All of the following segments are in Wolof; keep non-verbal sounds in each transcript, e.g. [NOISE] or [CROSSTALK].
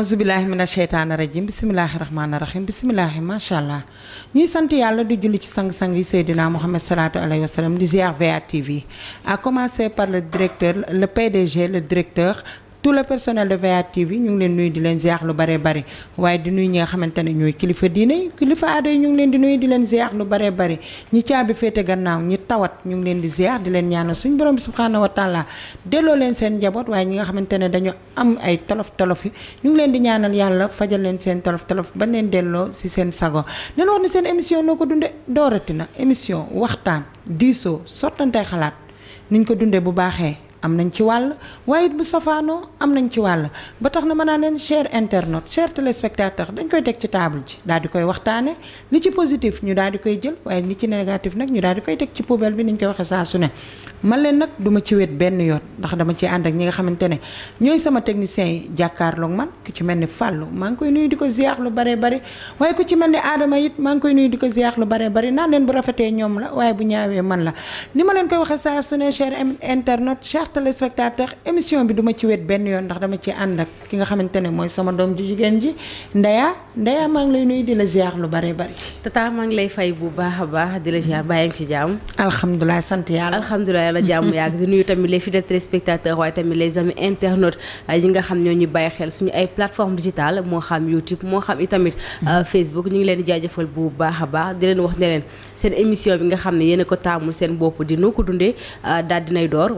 onze billahi mina sheytaani rajim bisimilahi rahmaani rahim bisimilahi macha allah ñuy sant yàlla di julli ci sang-sang yi Seydina Mohamed salaatu alayhi wa salaam di à commencer par le directeur le PDG le directeur tout le personnel de VA TV ñu ngi leen nuyu di leen ziar lu bare bare waaye di nuyu ñi nga xamante ne ñooy kilifa diine kilifa aada yi ñu ngi leen di nuyu di leen ziar lu bare bare ñi caabi féete gannaaw ñi tawat ñu ngi leen di ziar di leen ñaanal suñ borom bi subhaanahu wa taala delloo leen seen njaboot waaye ñi nga xamante ne dañu am ay tolof tolof ñu ngi leen di ñaanal yàlla fajal leen seen tolof tolof bañ leen delloo si seen sago leen wax seen émission noo ko dunde doorati na émission waxtaan diisoo sottante xalaat niñ ko dundee bu baaxee am nañ ci wàll waaye it bu safaanoo am nañ ci wàll ba tax na ma naan leen cher internaute cher téléspectateur dañ koy teg ci table ji daal di koy waxtaane li ci positif ñu daal di koy jël waaye ni ci négatif nag ñu daal di koy teg ci poubelle bi ni ñu koy waxee saa su ne man leen nag duma ci wet benn yoon ndax dama ci ànd ak ñi nga xamante ne ñooy sama technicien yi jàkkaarloog man ku ci mel ni Fallou maa ngi koy nuyu di ko ziar lu bare bari waaye ku ci mel ni Adama it maa ngi koy nuyu di ko ziar lu bare bari naan leen bu rafetee ñoom la waaye bu ñaawee man la ni ma leen koy waxee saa su ne cher internaute chers téléspectateurs émission bi duma ci wet benn yoon ndax dama ci ànd ak ki nga xamante ne mooy sama doom ju jigéen ji Ndeya Ndeya maa ngi lay nuyu di la ziar lu bare bari. tata maa ngi lay fay bu baax a baax di la ziar bàyyi ngi ci jàmm. alhamdulilah sant yàlla. alhamdulilah yàlla jàmm [LAUGHS] yàgg di nuyu tamit les fidèles téléspectateurs waaye tamit les amis internautes yi nga xam ñoo ñu bàyyi xel suñu ay plateformes digitales moo xam YouTube moo xam itamit euh, mm-hmm. Facebook ñu ngi leen di jaajëfal bu baax a baax di leen wax ne leen seen émission bi nga xam ne yéen ko taamul seen bopp di noo ko dundee euh, daal dinay door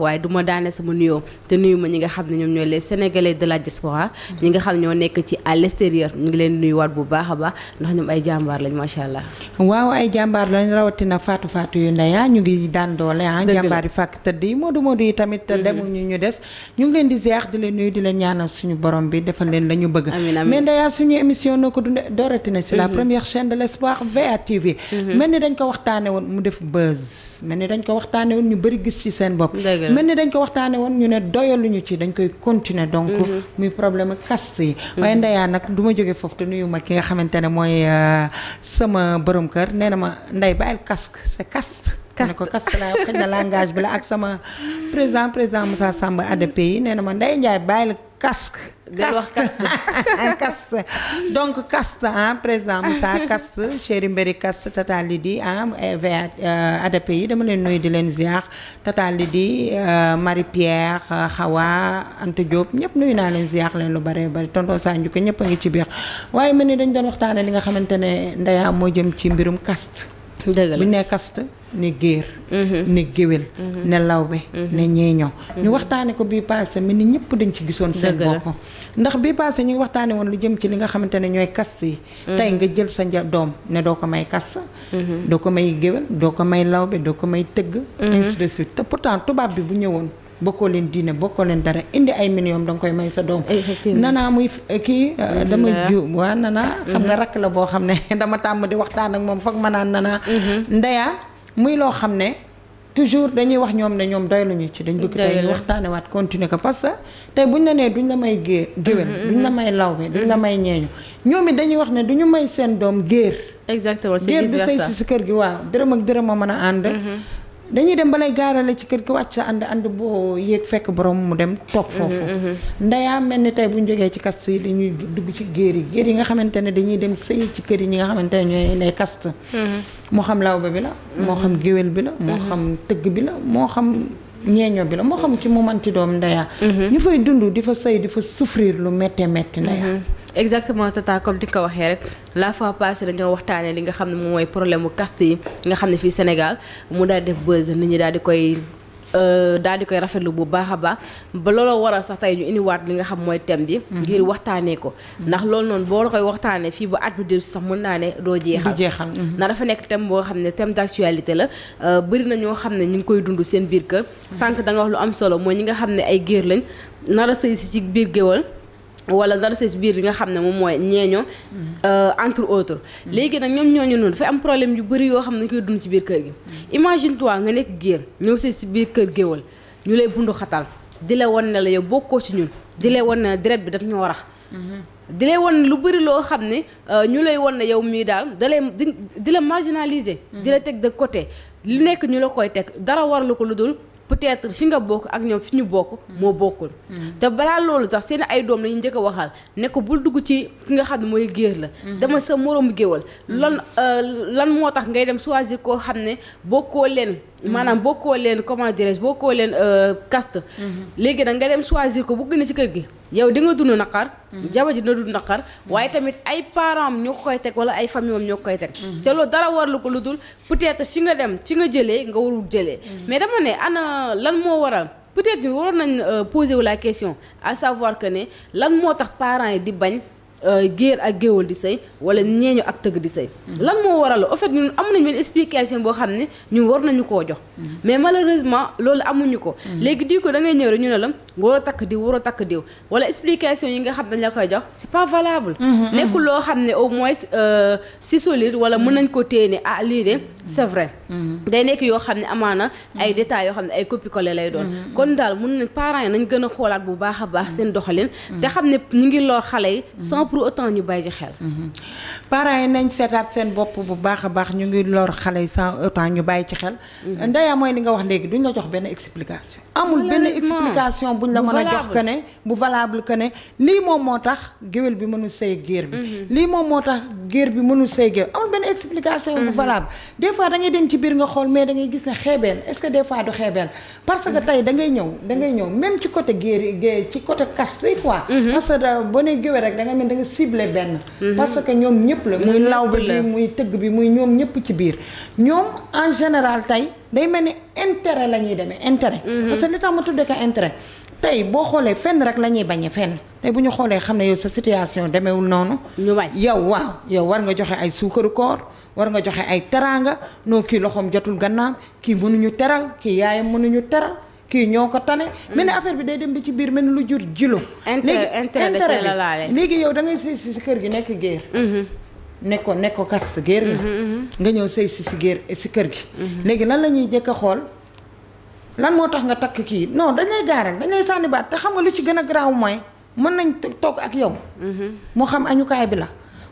la sama nuyoo te nuyu ma la diaspora ñi nga xam ñoo nekk ci à l'extérieur ñu ngi leen nuyuwaat bu baax a baax ndax ñoom ay jàmbaar lañ yi tamit mm-hmm. demu ñu des ñu ngi leen di zeex di leen nuyu di leen ñaanal suñu borom bi defal leen la ñu bëgg mais ndeya suñu émission noo ko dunde doorati na si la mm-hmm. première chaîne de l'espoir VA TV mm-hmm. mel ni dañ ko waxtaane woon mu def buzz mel ni dañ ko waxtaane woon ñu bëri gis ci seen bopp mel ni dañ ko wax waxtaanee woon ñu ne doyaluñu ci dañ koy continuer donc mhm. muy problème kast yi mhm. waaye ndeyaan nag du ma jóge foofu te nuyu ma ki nga xamante ne mooy euh, sama borom kër nee na ma ndey bàyyil casque c'est caste ne ko caste la xëy na langage bi la ak sama président président Moussa Samba ADP yi nee na ma ndey Njaay bàyyil casque del [LAUGHS] wax donc kaste ah président Moussa kaste chéri mbéri kaste di Lydie ah eh, VA euh, yi dama leen nuyu di leen ziar tata di euh, Marie Pierre Xawa euh, Anta Diop ñëpp nuyu naa leen ziar leen lu bare bari tonton Sadio ko ñëpp a ngi ci biir waaye mel ni dañ doon waxtaane li nga xamante ne Ndeya moo jëm ci mbirum kaste bu ne kast ne géer mhm. ne géwél mhm. ne lawbe mhm. ne ñeeño ñu waxtaane ko bii passé mi ni ñëpp dañ ci gisoon seen bopp ndax bii passé ñu waxtaane woon lu jëm ci li nga xamante ne ñooy kaste yi tey nga jël sa nja doom ne doo ko may kaste doo ko may géwél doo ko may lawbe doo ko may tëgg ainsi de te pourtant tubaab bi bu ñëwoon bokkoo leen diine bokkoo leen dara indi ay millions danga koy may sa doom nanaa muy eh, kii eh, dama juum waa nanaa xam nga mhm. rakk la boo xam ne [LAUGHS] dama tàmm di waxtaan ak moom foog ma a nanaa mhm. ndeyaa muy loo xam ne toujours dañuy wax ñoom ne ñoom doy luñu ci dañ bëgg tey ñu waat continuer ko parce que tey buñ la nee duñ la may gée géwél mhm, duñ la may law lawbe duñ la may ñeeñu ñoom it dañuy wax ne du ñu may seen doom géer exactement géer du say si kër gi waaw dërëm ak dërëm a a ànd dañuy dem balay gaarale ci kër gi wàcc sa ànd ànd boo yéeg fekk boroom mu dem toog mm-hmm, foofu mm-hmm. ndayaa mel ni tey bu ñu jógee ci kast yi dañuy dugg ci géer yi géer yi nga xamante ne dañuy dem sëy ci kër yi ñi nga xamante ne ñooy les kast mm-hmm. moo xam lawbe bi la moo xam géwél bi la moo xam tëgg bi la moo xam ñeeño bi la moo xam ci mu manti doom ndaya ñu fay dund di fa sëy di fa souffrir lu méttee métti ndayaa exactement tata comme di ko waxee rek la fois passée dañoo waxtaane li nga xam ne moom mooy problème mu caste yi nga xam ne fii Sénégal mu daal def buzz nit ñi daal di koy euh, daal di koy rafetlu bu baax a baax ba looloo waral sax tey ñu indiwaat li nga xam mooy thème bi. Mhm. ngir waxtaanee ko. Mhm. ndax loolu noonu boo koy waxtaanee fii bu at mi dellu sax mën naa ne doo jeexal. du jeexal mhm. ndax dafa nekk thème boo xam ne thème d' la euh, bëri na ñoo xam ne ñu ngi koy dund seen biir kër. sànq da nga lu am solo mooy ñi nga xam ne ay géer lañ nar a sëy si ci biir géwal wala dara si biir yi nga xam ne moom mooy ñeeño euh, entre autres léegi nag ñoom ñooñu noonu dafay am problème yu bëri yoo xam ne koy dund si biir kër gi imagine toi nga nekk géer ñëw see si biir kër géwal ñu lay bundu xatal di la wan ne la yow bokkoo ci ñun di lay wan ne deret bi daf ñoo rax di lay won lu bëri loo xam ne euh, ñu lay wan ne yow mii daal da di di la marginaliser di la teg de côté lu nekk ñu la koy teg dara waralu ko lu dul peut-être fi nga bokk ak ñoom fi ñu bokk moo bokkul mm-hmm. te balaa loolu sax seen ay doom lañu njëkk a waxal ne ko bul dugg ci ki nga xam ne mooy géer la mm-hmm. demal sa moroomu géwal mm-hmm. lan euh, lan moo tax ngay dem choisir koo xam ne bokkoo leen maanaam bokkoo leen comment dirais-je bokkoo leen euh, caste. léegi nag nga dem choisir ko bugg gën ci kër gi. yow di nga dund naqar. jabar ji dina dund naqar. waaye tamit ay parents am ñoo ko koy teg wala ay famille ñoo ko koy teg. te loolu dara warlu ko lu dul peut-être fi nga dem fi nga jëlee nga warul jëlee. mais dama ne ana lan moo waral. peut-être waroon nañ euh, poser wu la question à savoir que ne lan moo tax parents yi di bañ. Euh, géer ak géwal di sëy wala ñeeño ak tëgg di sëy lan moo waral au fait ñun am nañ benn explication boo xam ne ñu war nañu koo jox mm-hmm. mais malheureusement loolu amuñu ko mm-hmm. léegi di ko da ngay ñëw ñu ne la war a takk diw war a takk diw wala explication yi nga xam ne la koy jox c'est pas valable mm-hmm, nekkul loo xam ne au moins euh, si solide wala mun nañ koo téye ne ah lii de c'est vrai Mm-hmm. day nekk yoo xam ne amaana ay mm-hmm. détails yoo xam ne ay copier-coller lay doon mm-hmm. kon daal mun ne parents yi nañ gën a xoolaat bu baax a baax seen doxalin te xam ne ñu ngi lor xale yi sans pour autant ñu bàyyi ci xel parents yi nañ seetaat seen bopp bu baax a baax ñu ngi lor xale yi sans autant ñu bàyyi ci xel ndeya mooy li nga wax léegi duñ la jox benn explication amul benn explication buñ la mën a jox que ne bu valable que lii moom moo tax géwél bi mënul sëy géer bi lii moom moo tax géer bi mënul sëy géer amul benn explication bu dangay dem ci biir nga xool mais da gis ne xeebeel est-ce que des fois du xeebeel parce que tey da ngay ñëw da ñëw même ci côté géer ci côté caste yi quoi mhm. parce que boo nee géwél rek da nga mel danga nga benn mhm. parce que ñoom ñëpp la muy law bi muy tëgg bi muy ñoom ñëpp ci biir ñoom en général tey day mel ni intérêt la ñuy demee intérêt mhm. parce que li tax ma tuddee ko intérêt tey boo xoolee fenn rek la ñuy bañee fenn tey bu ñu xoolee xam ne yow sa situation demeewul noonu. ñu bañ yow waaw yow war nga joxe ay suukaru koor war nga joxe ay teraanga noo kii loxoom jotul gannaam kii mënuñu teral kii yaayam mënuñu teral. kii ñoo ko tane. Mm. mel ni affaire bi day dem ba ci biir mel ni lu jur jilo. léegi intérêt la laale léegi yow da ngay sëy si si kër gi nekk géer. Mm-hmm. nekk ko nekk ko kast géer nga. Mm-hmm, mm-hmm. nga ñëw sëy si si géer si kër gi. léegi lan la ñuy jëkk a xool. lan moo tax nga takk kii non dañ lay gaaral dañ lay sànni baat te xam nga lu ci gën a garaaw mooy mën nañ toog ak yow. Mm-hmm. moo xam añukaay bi la.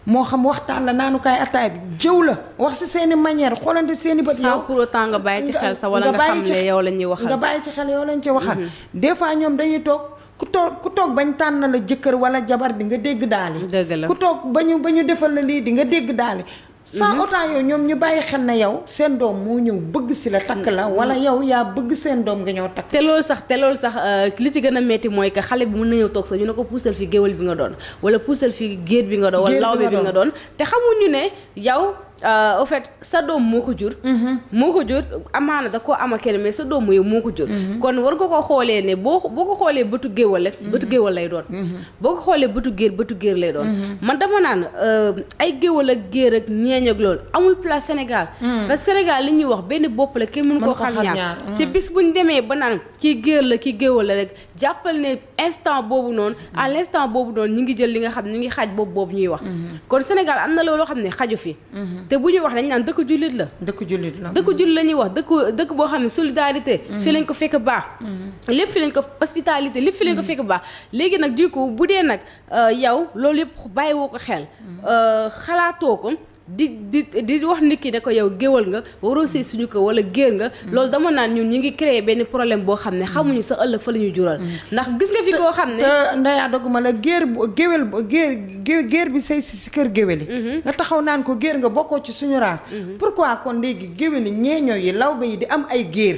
moo xam waxtaan la naanukaay ataay bi jëw la wax si seeni i manière xoolante seen i bët. yow sans pour autant nga bàyyi ci xel sa wala nga xam ne yow la ñuy waxal nga bàyyi ci xel yow lañ ci waxal. Mm-hmm. des fois ñoom dañuy toog ku toog ku toog bañ tànn la jëkkër wala jabar di nga dégg daal. dëgg la ku toog ba ñu ba ñu defal la lii di nga dégg daal sans autant mhm. ñoom ñu bàyyi xel na yow seen doom moo ñëw bëgg si la takk la mhm. wala yow yaa bëgg seen doom nga ñëw takk te loolu sax te loolu sax euh, li ci gën a metti mooy que xale bi mun na ñëw toog sax ñu ne ko puusal fi géwal bi nga doon wala puusal fi géer bi nga doon wala lawbe bi nga doon te xamuñu ne yow Euh, au fait sa doom moo ko jur. Mm-hmm. moo ko jur amaana da am a kenn mais sa doom mooy moo ko jur. Mm-hmm. kon war nga ko xoolee ne boo boo ko xoolee bëtu géewal rek. Mm-hmm. bëtu lay doon. boo ko xoolee bëtu géer bëtu géer lay doon. man dama naan euh, ay géewal ak géer ak ñeeñ ak loolu amul place Sénégal. Mm. parce que Sénégal li ñuy wax benn bopp la kenn mun koo xam ñaar te mm. bis bu ñu demee ba naan kii géer la kii géewal la rek jàppal ne instant boobu noonu. Mm. à l' instant boobu noonu ñu ngi jël li nga xam ñu ngi xaaj boobu boobu ñuy wax. kon Sénégal am na loolu xam ne xaju fi. te bu ñuy wax dañ naan dëkk jullit la. dëkk jullit la dëkk jullit la ñuy wax dëkk dëkk boo xam ne solidarité. Mm. fi lañ ko fekk baax. Mm. lépp fi lañ ko hospitalité lépp fi lañ ko mm. fekk baax. léegi nag du bu dee nag euh, yow loolu yëpp bàyyiwoo ko xel. Euh, xalaatoo ko. di di di wax nit ki ne ko yow géwal nga waroo sëy suñu ko wala géer nga mm. loolu dama naan ñun ñi ngi créé benn problème boo xam ne mm. xamuñu sa ëllëg fa la ñuy jural mm. ndax gis nga fi koo xam ne ndayaa dogguma la géer géwél géer géer bi sëy si si kër géwél yi mm-hmm. nga taxaw naan ko géer nga bokkoo ci suñu raas mm-hmm. pourquoi kon léegi géwél yi ñeeñoo yi lawbe yi di am ay géer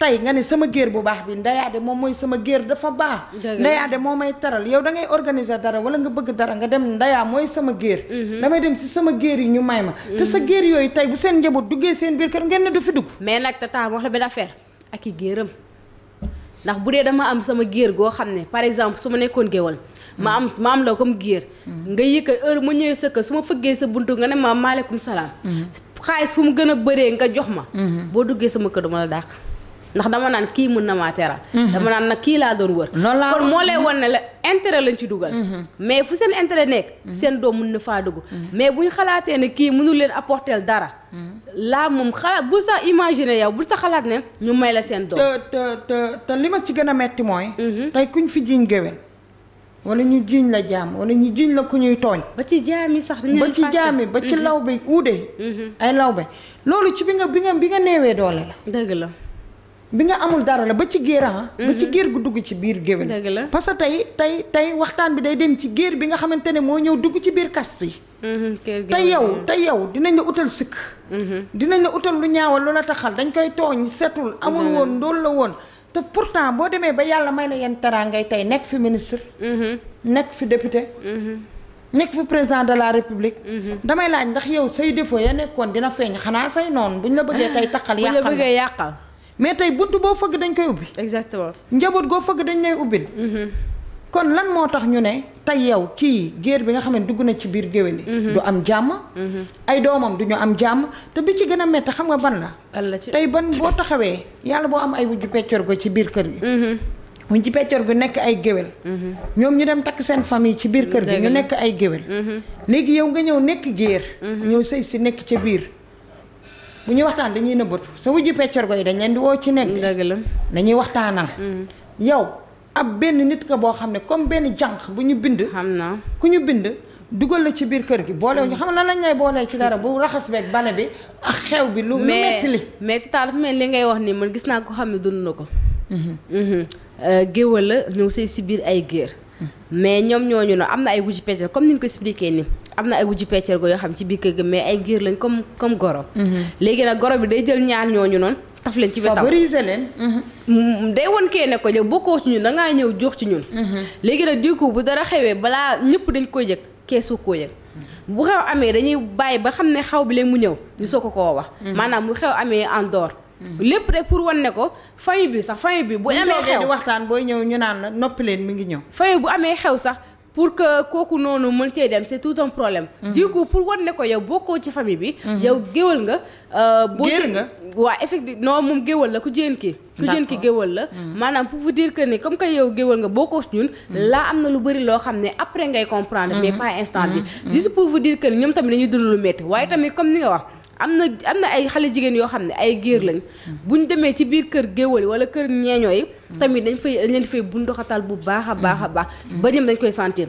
tay nga ni sama géer bu baax bi de mom moy sama géer dafa baax ndayaade mom may teral yow da ngay organiser dara wala nga bëgg dara nga dem ndaya moy sama géer damay mhm. dem ci sama géer yi ñu may ma mhm. te sa géer yoy tay bu seen njaboot duggé seen biir kër ngeen ne du fi dugg mais nak tata wax la benn affaire ak i ndax bu dé dama am sama géer go xamné par exemple suma nekkon nekkoon ma am ma am la comme géer mhm. nga yëkkat heure mu ñëw sëkk suma fëggé sa buntu nga ne ma maaleykum salam xaalis fu mu gëna bëré nga jox ma bo duggé sama kër dama la dàq ndax dama naan kii mën na maa teral dama naan na kii laa doon wër kon moo lay wan ne la intérêt lañ ci dugal mais fu seen intérêt nekk seen doom mën na faa dugg mais buñ xalaatee ne kii mënul leen apporter dara laa moom xalaat bul sa imaginer yow bul sa xalaat ne ñu may la seen doom te te te li ma ci gën a metti mooy tey kuñ fi jiñ géwél wala ñu jiñ la jaam wala ñu jiñ la ku ñuy tooñ ba ci jaami sax dañu ba ci jaami ba ci lawbe uude ay lawbe loolu ci bi nga bi nga bi nga néewee doole la dëgg la bi nga amul dara la ba ci géer ah. Mhm. ba ci géer gu dugg ci biir géwél. parce que tey tey tey waxtaan bi day dem ci géer bi nga xamante ne moo ñëw dugg ci biir kast yi. Mhm, tey yow tey yow dinañ la utal sikk. Mhm. dinañ la utal lu ñaawal lu la taxal dañ koy tooñ setul. amul woon loolu la woon. te pourtant boo demee ba yàlla may la yenn tey nekk fi ministre. nekk fi député. nekk fi président de la république. damay laaj ndax yow say défaut ya nekkoon dina feeñ xanaa say noonu ñu la bëggee tey taxal. yàqal [LAUGHS] buñ la bëggee yàqal. mais tey bunt boo fëgg dañ koy ubbi. exactement njaboot goo fëgg dañ lay ubbil. Mm-hmm. kon lan moo tax ñu ne tey yow kii géer bi nga xam ne dugg na ci biir géwél yi mm-hmm. du am jàmm. Mm-hmm. ay doomam du ñu am jàmm te bi ci gën a métti xam nga ban la. tey ban boo taxawee yàlla boo am ay wujju peccor go ci biir kër gi. mu ci peccor gu nekk ay géwél ñoom ñu dem takk seen famille ci biir kër gi ñu nekk ay géwél léegi yow nga ñëw nekk géer ñëw sëy si nekk ca biir bu ñuy waxtaan dañuy nëbbatu sa wujju peccorgo yi dañ leen di woo ci nekk dëgg la dañuy waxtaanal mm-hmm. yow ab benn nit ka boo xam ne comme benn jànq bu ñu bind xam naa ku ñu bind dugal la ci biir kër gi boolew ñu mm-hmm. xam lan lañ lay boolee ci dara bu raxas beeg bale bi ak xew bi lu metti li mais tata dafa mel li ngay wax nii man gis naa ko xam ne dund na ko mm-hmm. Euh, géwël la ñëw sëy si biir ay géer mais ñoom ñoo ñu ne am na ay wujju peccorgo comme ni ñu ko expliqué nii am na ay wujji peccergo yoo xam ci biir kër ga mais ay giir lañ comme comme goro mhm. léegi nag goro bi day jël ñaar ñooñu noonu taf leen ci wetam favoriser leen mhm. mm, day won kee ne ko yow bokkoo ci ñun dangaa ñëw jox ci ñun mhm. léegi nag du coup bu dara xewee balaa ñëpp dañ koy yëg kee ko yëg bu xew amee dañuy bàyyi ba xam ne xaw bi leen mu ñëw ñu soo ko koo wax maanaam bu xew amee en lépp rek pour wan ne ko famille bi sax famille bi bu amee waxtaan booy ñëw ñu naan noppi leen mi ngi ñëw famille bu amee xew sax pour que kooku noonu mën cee dem c'est tout un problème. Mhm. du coup pour wan ne ko yow bokkoo ci famille bi. Mhm. yow géwal nga. Euh, si nga waaw effectivement non moom géwal la ku jigéen ki. ku jigéen ki géwal la. Mhm. maanaam pour vous dire que ni comme que yow géwal nga bokkoo ci ñun. laa am na lu bëri loo xam ne après ngay comprendre. mais pas instant bi. juste pour vous dire que ni ñoom tamit dañuy dund lu métti waaye tamit comme ni nga wax. am na am na ay xale jigéen yoo xam ne ay géer lañ buñ demee ci biir kër géwël yi wala kër ñeeñoo yi tamit dañ fay dañ leen fay bundoxatal bu baax a baax a baax ba ñoom dañ koy sentir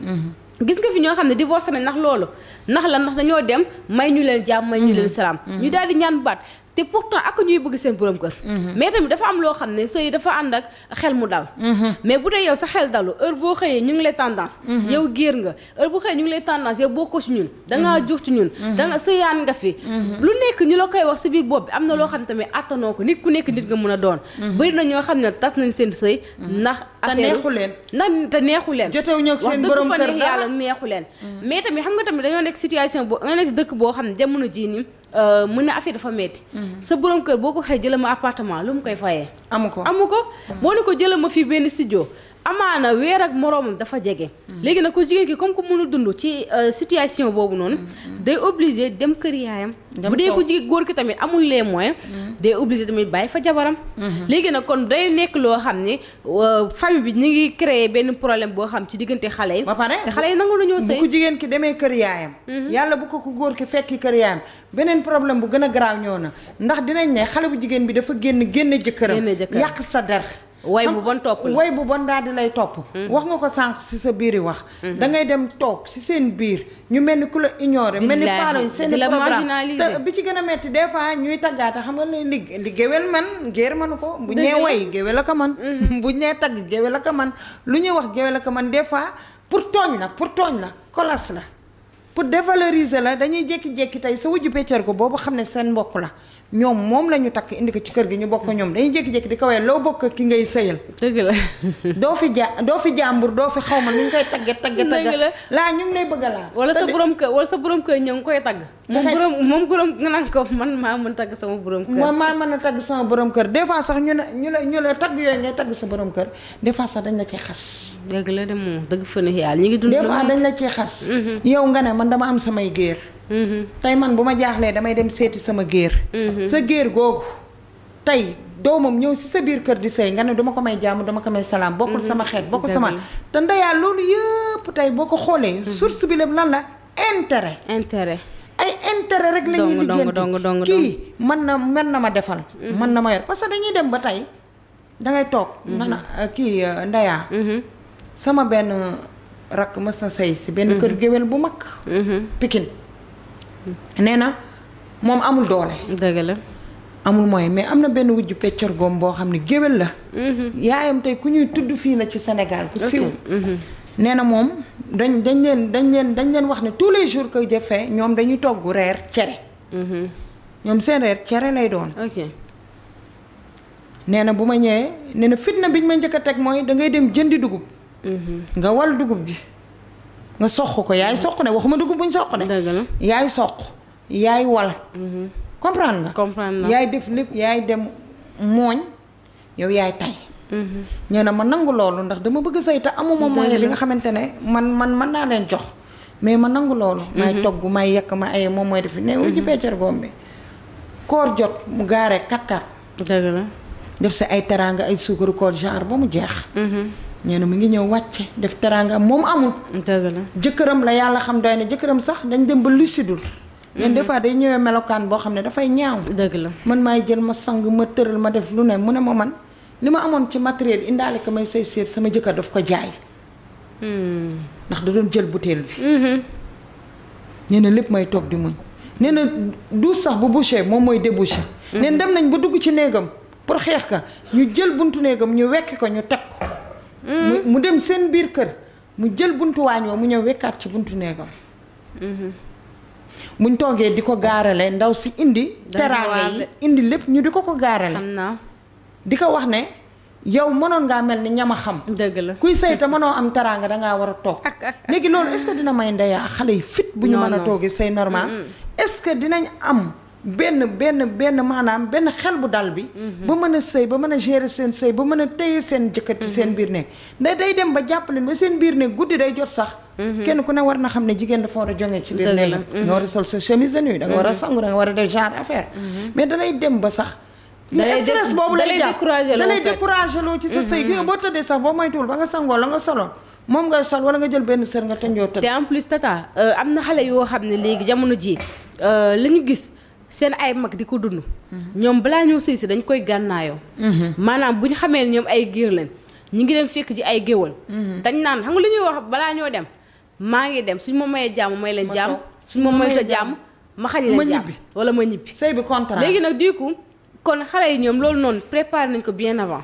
gis nga fi ñoo xam ne divorcé nañ nax loolu ndax la nax dañoo dem may ñu leen jàmm may ñu leen salaam mm-hmm. ñu daal di ñaan baat te pourtant ak ñuy bëgg seen borom kër. Mhm. mais tamit dafa am loo xam ne sëy dafa ànd ak xel mu dal. Mhm. mais bu dee yow sa xel dalu heure boo xëyee ñu ngi lay tendance. Mhm. yow géer nga heure boo xëyee ñu ngi lay tendance yow bokkoo ci ñun. da ngaa juuf ci ñun. da nga sëyaan nga fi. lu nekk ñu la koy wax si biir bopp bi am na loo xam ne tamit attanoo ko nit ku nekk nit nga mën a doon. bëri na ñoo xam ne tas nañ seen sëy. ndax affaire te neexu leen. ndax te neexu leen. jotewuñu ak seen borom neexu leen. mais tamit xam nga tamit dañoo nekk situation boo dëkk boo xam ne jamono jii nii Euh, mun na affaire dafa metti mm-hmm. sa borom kër boo ko xëy jëla ma appartement lu mu koy fayee amu ko amu ko boo mm-hmm. ne ko jëla ma fii benn studio amaana weer ak moroomam dafa jege. léegi nag ku jigéen ki comme ku mënul dund ci euh, situation boobu noonu. day obligé dem kër yaayam. bu dee ku jigéen góor ki tamit amul les moyens. day obligé tamit bàyyi fa jabaram. léegi nag kon day nekk loo xam ne euh, famille ñu ngi créé benn problème boo xam ci diggante xale yi. ba pare xale yi nangu la ñoo sëy bu jigéen ki demee kër yaayam. Mhm. yàlla bu ko ku góor ki fekki kër yaayam beneen problème bu gën a garaaw ñoo na ndax dinañ ne xale bu jigéen bi dafa génn génn jëkkëram. yàq sa der. way bu bon topp la way bu bon daal di lay topp. Hmm. wax nga ko sànq si sa biir yi wax. Hmm. da ngay dem toog si seen biir ñu mel ni ku la ignoré. mel ni faalo seen programme te bi ci gën a metti des fois ñuy taggaate xam nga li li géwél man géer manu ko. bu ñu nee way géwél la man. Hmm. [LAUGHS] bu ñu nee tagg géwél la man lu ñuy wax géwél la man des fois pour tooñ la pour tooñ la kolas la. pour dévaloriser la dañuy jékki-jékki tey sa wujju peccer ko boobu xam ne seen mbokk la ñom mom la tak indi ko ci kër gi ñu bokk ñom dañu jek jek di ko wee loo bokk ki ngay seyel deug la do fi ja doo fi jambour do fi xawma ñu koy tagge tagge tagge la ñu ngi lay bëgg la wala sa borom kër wala sa borom kër ñu ngi koy tag mom borom mom borom nga ko man ma mën tag sama borom kër ma mëna tag sama borom kër des fois sax ñu ñu la ñu la tag yoy ngay tag sa borom kër des fois sax dañ la ci xass deug la dem deug fëne yaal ñi ngi dund des fois dañ la ci xass mhm. yow nga ne man dama am samay guerre Mm-hmm. tay man buma jaxlé damay dem séti sama guerre mm-hmm. sa guerre gogou tay domam ñew ci sa bir kër di sey nga ne duma ko may jamm duma ko may salam bokul sama mm-hmm. xeet bokul sama ta ndaya lolu yépp tay boko xolé source bi lépp lan la intérêt intérêt ay intérêt rek lañuy liggéey ki man na man na ma defal man na ma yor parce que dañuy dem ba da ngay tok nana euh, ki euh, ndaya sama ben rak mës na sëy si ben kër gëwel bu pikin nee na moom amul doole. dëgg la. amul mooy mais am na benn wujju peccor goom boo xam ne géwél la. Mm-hmm. yaayam tey ku ñuy tudd fii na ci senegal ku siw. Mm-hmm. nee na moom dañ dañ leen dañ leen dañ leen wax ne tous les jours que jëfee ñoom dañuy togg reer cere. Mm-hmm. ñoom seen reer cere lay doon. nee na bu ma ñëwee nee na fitna biñ ma njëkk a teg mooy dangay dem jëndi dugub. nga wal dugub bi. nga soq ko yaay soq ne waxuma dugub buñ soq ne yaay soq yaay wal mhm. comprendre nga comprendre yaay def lépp yaay dem mooñ yow yaay tay mhm. ñee na ma nangu loolu ndax dama bëgg sëy te amuma moyen bi nga xamante ne man man mën naa leen jox mais ma nangu loolu may mhm. togg may yekk ma ay moom mooy def ne wu ci peccar goom bi koor jot mu gaaree kat kat la def si ay teraanga ay suukaru koor genre ba mu jeex nee na mu ngi ñëw wàcce def teraanga moom amul. dëgg la jëkkëram la yàlla xam doy na jëkkëram sax dañ dem ba lusidul leen des fois day ñëwee melokaan boo xam ne dafay ñaaw. dëgg la man maay jël ma sang ma tëral ma def lu ne mu ne ma man li ma amoon ci matériel indaale ko may say seet sama jëkkër daf ko jaay. Hmm. ndax da doon jël butéel bi. Mm-hmm. nee na lépp may toog di muñ. nee na du sax bu bouché moom mooy débouché. Mm-hmm. nee dem nañ ba dugg ci néegam pour xeex ka ñu jël buntu néegam ñu wekk ko ñu teg ko. Mm. mu dem seen biir kër mu jël buntu waañ wa mu ñëw wekkaat ci buntu néegam mm-hmm. buñ toogee di ko gaarale ndaw si indi teraanga yi indi lépp ñu di ko ko gaarale di ko wax ne yow mënoon ngaa mel ni ñama xam dëgg la kuy sayta mënoo am teraanga dangaa war a toog [LAUGHS] léegi loolu est-ce dina may ndeya xale yi fit bu ñu mën a toogee c'est normal est-ce que dinañ am benn benn benn maanaam benn xel bu dal bi. Mhm. ba mën a sëy ba mën a gérer seen sëy ba mën a téye seen jëkkër ci seen mhm. biir nekk ndax day dem ba jàpp leen ba seen biir ne guddi day jot sax. Mhm. kenn ku ne war na xam ne jigéen dafa war a jonge ci biir néegam. nga war a sol sa chemise de nuit da a a boobu lay jàpp dalay découragé loo ci sa sëy gi boo tëddee ba nga sangoo la nga soloon. moom ngay sol wala nga jël benn sër nga tënjoo tëdd. te en plus tata euh, am na xale yoo xam ne léegi jamono ji euh, li ñu gis seen ay mag di ko dund. ñoom balaa ñoo sëy si dañ koy gànnaayoo. maanaam bu ñu xamee ne ñoom ay géer lañ ñu ngi dem fekk ci ay géwal. dañ naan xam nga li ñuy wax balaa ñoo dem maa ngi dem suñ ma mayee jàmm may leen jàmm. suñ ma mayee jàmm ma xañ leen jàmm wala ma ñibbi. sëy bi contrat léegi nag du coup kon xale yi ñoom loolu noonu préparé nañ ko bien avant.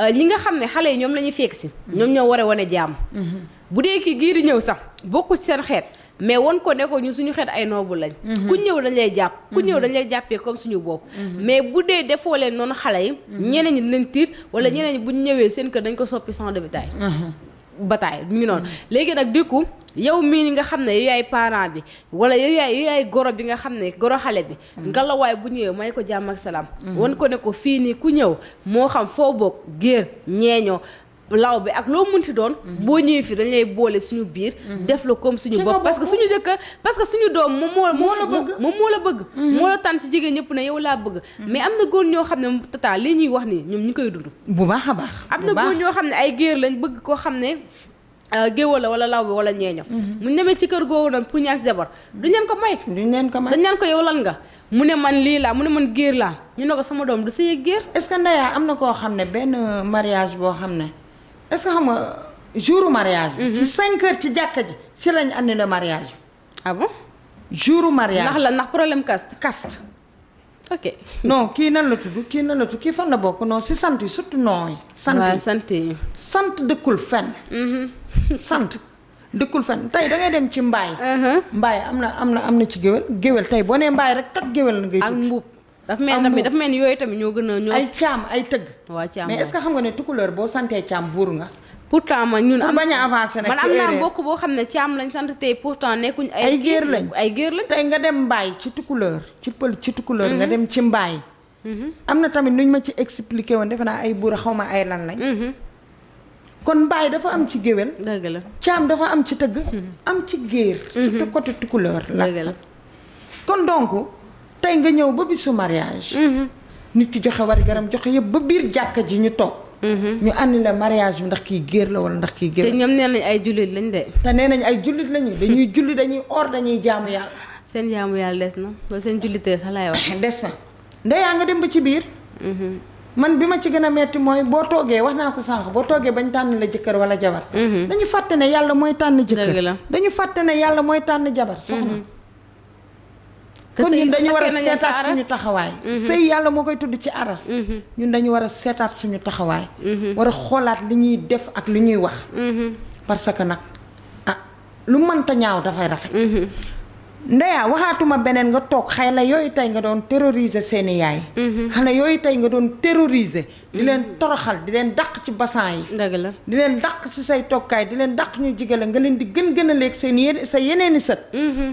Euh, ñi nga xam ne xale yi ñoom la ñuy fekk si ñoom ñoo war a wane jàmm mm-hmm. bu dee kii gii di ñëw sax bokku seen xeet mais won ko ne suñu xeet ay noobu lañ mm-hmm. ku ñëw dañ lay jàpp ku mm-hmm. ñëw dañ lay jàppee comme suñu bopp mais bu dee defoo leen noonu xale yi ñeneen ñi dinañ tiit wala ñeneen ñi buñ ñëwee seen kër dañ ko soppi sans détail bataille mi ngi noonu mm. léegi nag du coup yow mii nga xam ne yow yaay parent bi wala yow yaay yow yaay goro bi nga xam ne goro xale bi mm. ngalawaay bu ñëwee may ko jàmm ak salaam mm. wan ko ne ko fii nii ku ñëw moo xam foo bokk géer ñeeñoo law bi ak lo munti doon bo ñëwee fi dañ lay bolé suñu biir def lo comme suñu bop parce que suñu jëkkër parce que suñu doom mo mo la bëgg mo mo la bëgg mm-hmm. mo la tan ci jigeen ñëpp ne yow la bëgg mm-hmm. mais amna goor ño ñoo tata li ñuy wax ni ñom ñu koy dund bu baaxa baax amna goor ño ñoo ay géer lañ bëgg ko xam ne euh, géwél la wala law bi wala ñeñu mm-hmm. mu demee ci kër goor nag pour ñaar jabar duñ ñen ko may duñ ñen ko may dañ ñan ko yow lan nga mu ne man lii laa mu ne man géer la ñu ne ko sama doom du sey géer est ce que ndaya amna ko koo ben mariage bo xam est-ce xam nga jouru mariage bi. Mhm. ci 5 heures ci jàkka ji si lañ annulé mariage bi. ah bon. jouru ndax la ndax problème caste. caste. ok [LAUGHS] non kii nan la tudd kii nan la tudd kii fan la bokk non si sant yi surtout non yi. sant yi sant dëkkul fenn. Mhm. [LAUGHS] sant dëkkul fenn tey dangay dem ci mbaay. Uh-huh. mbaay am na am na am na ci géwél géwél tey boo nee mbaay rek tag géwél na ngay. ak dafa mel ni dafa mel ni yooyu tamit ñoo gën a ñoo. ay caam ay tëgg. waaw caam mais est-ce que xam nga ne tukulóor boo santee caam buur nga. pourtant man ñun am a avancer naa boo xam ne caam lañ sant tey pourtant nekkuñ ay géer lañ ay géer lañ tey nga dem mbaay ci tukulóor ci pël ci tukulóor nga mhm. dem ci mbaay mhm. am na tamit nuñ ma ci expliqué woon defe naa ay buur xaw ma ay lan lañ mhm. kon mbaay dafa am ci géwél dëgg la caam dafa am ci tëgg am ci géer ci côté tukulóor la kon donc tey nga ñëw ba bisu mariage. Mm-hmm. nit ki joxe war garam joxe yëpp ba biir jàkka ji ñu toog. Mm-hmm. ñu àndi la mariage bi ndax kii géer la wala ndax kii géer. te ñoom nee nañ ay jullit lañ de. te nee nañ ay jullit lañu. dañuy [LAUGHS] julli dañuy or dañuy jaamu yàlla. seen jaamu yàlla des na wala seen jullitee sax laay wax. [COUGHS] des na ndeyaa nga dem ba ci biir. Mm-hmm. man bi ma ci gën a metti mooy boo toogee wax naa ko sànq boo toogee bañ tànn la jëkkër wala jabar. dañu fàtte yàlla mooy tànn jëkkër. dañu fàtte ne yàlla mooy tànn jabar kon mm-hmm. mm-hmm. ñun dañu war a seetaat suñu taxawaay sëy yàlla moo koy tudd ci aras ñun dañu war a seetaat suñu taxawaay war a xoolaat li ñuy def ak li ñuy wax mm-hmm. parce que nag ah, lu mënta ñaaw dafay rafet ndeyaa waxaatuma beneen nga toog xale yooyu tey nga doon terroriser seeni yaay xale yooyu tey nga doon terroriser di leen toroxal di leen dàq ci bassan yi dëgg la di leen dàq ci say tokkaay di leen dàq ñu la nga leen di gën gën a léeg seen yé sa yeneeni sat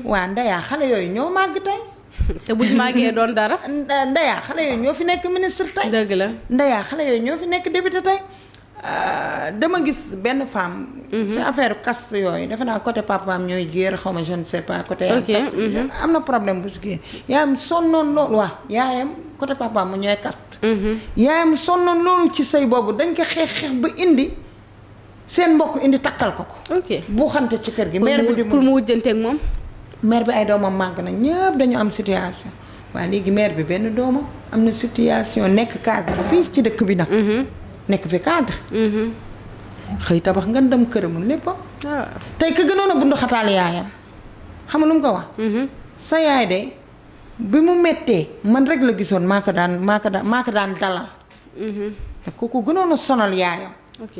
waa ndeyaa xale yooyu ñoo màgg te bu ñu màggee doon dara. Ndeya xale yooyu ñoo fi nekk ministre tey. la Ndeya xale yooyu ñoo fi nekk député tey. Euh, dama gis benn femme. Mhm. ci affaire caste yooyu defe naa côté papaam ñooy géer xaw ma je ne sais pas. côté yaayam mhm. am na problème bu si génn. yaayam sonnoon loolu yaayam côté papaam mu ñooy caste. Mhm. yaayam sonnoon loolu ci sëy boobu dañ ko xeex xeex ba indi seen mbokk indi takkal ko ko. ok bu xante ci kër gi. mère bi di pour mu wujjanteeg moom. maire bi ay doomam màgg na ñëpp dañu am situation waaye léegi maire bi benn doomam am na situation nekk cadre fii ci dëkk bi nag. Mhm. nekk fi cadre. Mhm. xëy tabax nga dem këramu lépp ah. tey ka gënoon a yaayam xam nga lu mu ko wax. Mhm. sa yaay de bi mu méttee man rek la gisoon maa ko daan maa ko daan maa dalal. te kooku gënoon a sonal yaayam. ok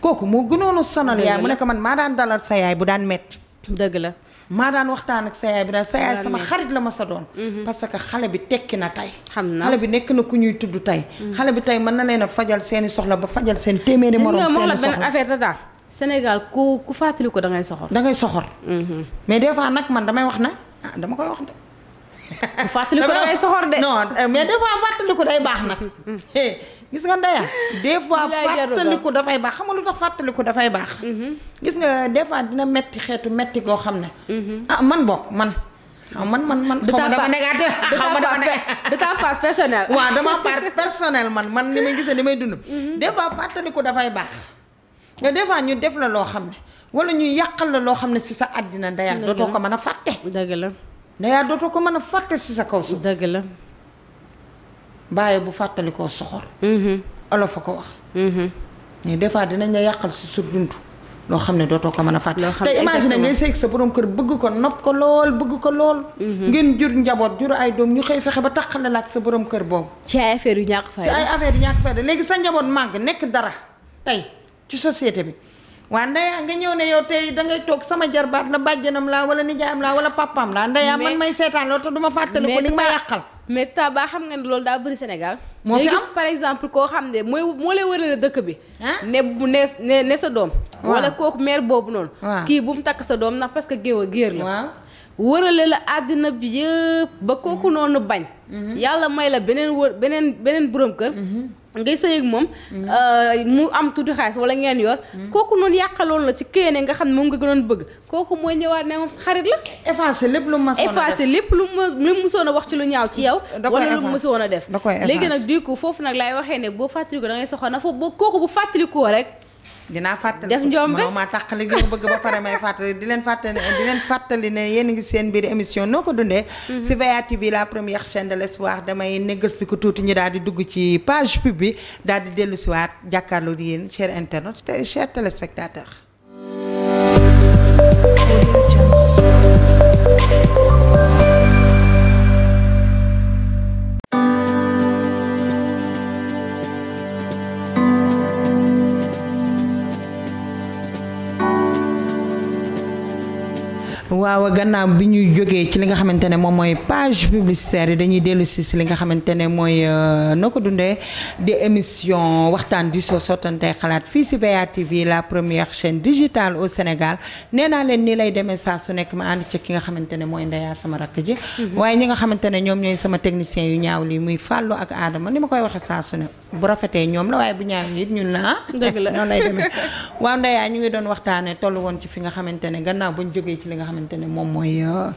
kooku moo gënoon sonal yaayam mu ne man maa daan dalal sa yaay bu daan métti. dëgg la. maa daan waxtaan ak sa yaay bi daal sa yaay sama xarit la ma sa doon mhm. parce que xale bi tekki na tey xam na xale bi nekk na ku ñuy tudd tey mhm. xale bi tey mën na leen a fajal seeni soxla ba fajal seen téeméeri morom seeni soxla affaire da daal Sénégal ku ku fàttali ko da ngay soxor da ngay soxor mhm. mais des fois nag man damay wax na ah, dama koy wax de ku fàttali ko da ngay soxor de [LAUGHS] euh, mais des fois fàttali ko day baax nag [LAUGHS] gis nga ndaya des fois da fay bax xam nga lutax tax da fay bax gis nga des fois dina metti xetu metti go xamne mhm. ah man bok ah, man man man man xaw dama negate xaw dama nekk de temps par personnel wa dama par personnel man man ni may gisse ni may dund mhm. des fois da fay bax nga des fois ñu def la lo xamne wala ñu yakal la lo xamne ci sa adina ndaya doto ko meuna fatte deug la ndaya doto ko meuna fatte ci sa kawsu deug la bàyyi bu fàttali koo soxor. Mm-hmm. olof a ko wax. Mm-hmm. mais des fois dinañ la yàqal si su dund. loo xam ne dootoo ko mën a fàttali. te imagine ngay sëy sa borom kër bëgg ko nopp ko lool bëgg ko lool. Mm-hmm. ngeen jur njaboot jur ay doom ñu xëy fexe ba taxale la ak sa borom kër boobu. ci ay affaire yu ñàkk fay ay affaire yu ñàkk léegi sa njaboot màgg nekk dara tey ci société bi. waa ndeyaa nga ñëw ne yow tey dangay toog sama jarbaat la bàjjanam laa wala nijaayam laa wala papaam laa ndeyaa man may seetaan loolu te duma fàttali ko li ma yàqal mais ta xam nga ne loolu daa bëri Sénégal moo gis par exemple koo xam ne mooy moo lay wërale dëkk bi ne bu ne ne sa doom wala kooku mère boobu noonu kii bu mu takk sa doom ndax parce que géew a géer la wërale la àddina bi yëpp ba kooku mm-hmm. noonu bañ mm-hmm. yàlla may la beneen wër beneen beneen borom kër mm-hmm. ngay sëy ak moom. Euh, mu am tuuti xaalis wala ngeen yor. kooku noonu yàqaloon la ci kéene nga xam ne moom nga gënoon bëgg kooku mooy ñëwaat ne moom sa xarit la. effacé lépp lu mu masoon a def effacé lu mu musoon a wax ci lu ñaaw ci yow. wala lu mu musoon a def. da koy effacé léegi nag du coup foofu nag laay waxee ne boo fàttaliku da ngay soxla na foofu boo kooku bu fàttalikoo rek. dinaa fàttali def njombe mënoo maa tàqali gi ma bëgg ba pare may fàttali di leen fàttali di leen fàttali ne yéen ngi seen biir émission noo ko dundee. ci mhm. VA TV la première chaîne de l'espoir damay négasi ko tuuti ñu daal di dugg ci page pub bi daal di dellu si waat jàkkaarloo di yéen chers internautes chers téléspectateurs. waaw gannaaw bi ñuy jógee ci li nga xamante ne moom mooy page publicitaire yi dañuy dellu si li nga xamante ne mooy euh, na ko dundee di émission waxtaan di soo sottante xalaat fii si VA TV la première chaine digitale au Sénégal nee naa leen nii lay demee saa su nekk ma ànd ci ki nga xamante ne mooy ndeyaa sama rakk ji. Mhm. waaye ñi nga xamante ne ñoom ñooy sama technicien yu ñaaw lii muy fàllu ak aadama ni ma koy waxee saa su ne bu rafetee ñoom la waaye bu ñaaw it ñun la ah. dëgg la [LAUGHS] noonu lay demee waaw ndeyaa ñu ngi doon waxtaanee tollu woon ci fi nga xamante ne gannaaw bañ jógee ci li nga xamante ne moom mooy euh,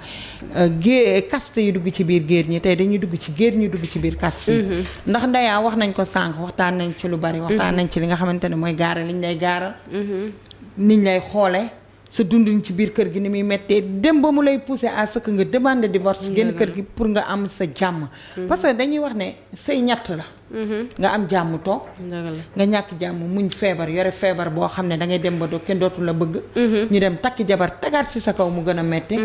euh, gée caste yi dugg ci biir géer ñi tey dañuy dugg ci géer ñi dugg ci biir caste yi mm-hmm. ndax ndeyaa wax nañ ko sànq waxtaan nañ ci lu bari mm-hmm. waxtaan nañ ci li nga xamante ne mooy gaaral liñ lay gaaral mm-hmm. niñ lay xoole sa dundin ci biir kër gi ni muy méttee dem ba mu lay pousser à ce nga demander divorce génn kër gi pour nga am sa jàmm mm-hmm. parce que dañuy wax ne say ñett la mm-hmm. nga am jàmm toog nga ñàkk jàmm muñ feebar yore feebar boo xam ne dangay dem ba doo kenn dootu la bëgg mm-hmm. ñu dem takki jabar tagaat si sa kaw mu gën a métti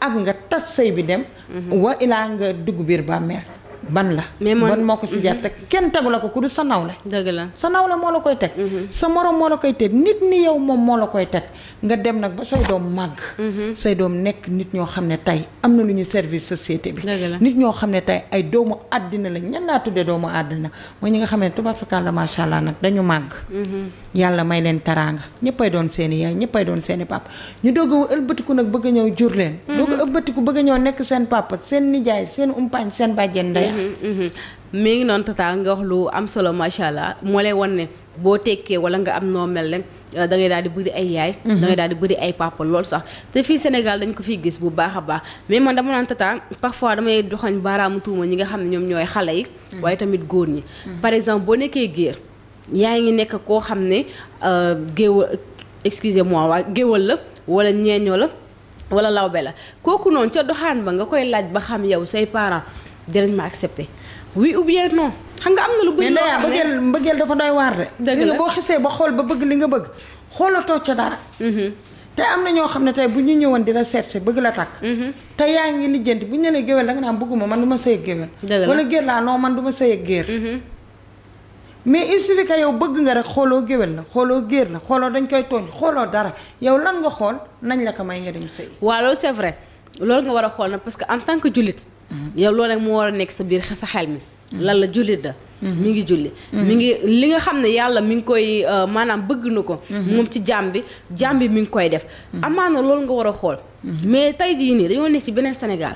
ak nga tas sëy bi dem wa ilaa nga dugg biir bàmmeel ban la. mais man moo ko si mhm. jar teg kenn tegu la ko ku du sa nawle. dëgg la sa nawle moo la koy teg. Mhm. sa morom moo la koy teg nit ñi yow moom moo la koy teg nga dem nag ba say doom màgg. Mhm. say doom nekk nit ñoo xam ne tey am na lu ñu service société bi. nit ñoo xam ne tey ay doomu àddina la ñan laa tuddee doomu àddina moo ñi nga xam ne tubaab la macha allah nag dañu màgg. yàlla may leen taraanga ñëppay doon seen i yaay ñëppay doon seen i papa ñu doog a ëlbatiku nag bëgg a ñëw jur leen. doog a ëlbatiku bëgg a ñëw nekk seen papa seen nijaay seen umpaañ seen bàjjen ndey Mhm, mhm. mi ngi noonu tata nga wax lu am solo macha allah moo lay won ne boo tekkee wala nga am noo mel ne euh, da ngay daal di bëri ay yaay. Mhm. da ngay daal di bëri ay papa lool sax te fii Sénégal dañ ko fiy gis bu baax a baax mais man dama naan par parfois damay doxañ baaraamu tuuma ñi nga xam ne ñoom ñooy xale yi. waaye tamit góor ñi. par exemple boo nekkee géer yaa ngi nekk koo xam ne euh, géewa excusez-moi waa géwal la wala ñeeño la wala lawbe la kooku noonu ca doxaan ba nga koy laaj ba xam yow say parents. dinañ ma accepter oui ou bien non. xam nga am na lu bëri loo xam ne mbëggeel dafa doy waar de. dëgg la boo xesee ba xool ba bëgg li nga bëgg xoolatoo ca dara. Mm-hmm. te am na ñoo xam ne tey bu ñu ñëwoon dina seetse bëgg la takk. Mm-hmm. te yaa ngi lijjanti bu ñu nee géwél danga naan bëgguma man du ma sëy ak géwél. wala géer laa man du ma sëy ak mm-hmm. mais il suffit que yow bëgg nga rek xooloo géwél la xooloo géer la xooloo dañ koy tooñ xooloo dara yow lan nga xool nañ la ko may nga dem sëy. waaw loolu c'est vrai loolu nga war a xool nag parce tant que jullit yow loolu rek moo war a nekk sa biir sa xel mi lan la jullit la mi ngi julli mi ngi li nga xam ne yàlla mi ngi koy euh, maanaam bëgg na ko moom ci jaam bi jaam bi mi ngi koy def amaana loolu nga war a xool mais tey jii nii dañoo nekk ci beneen Sénégal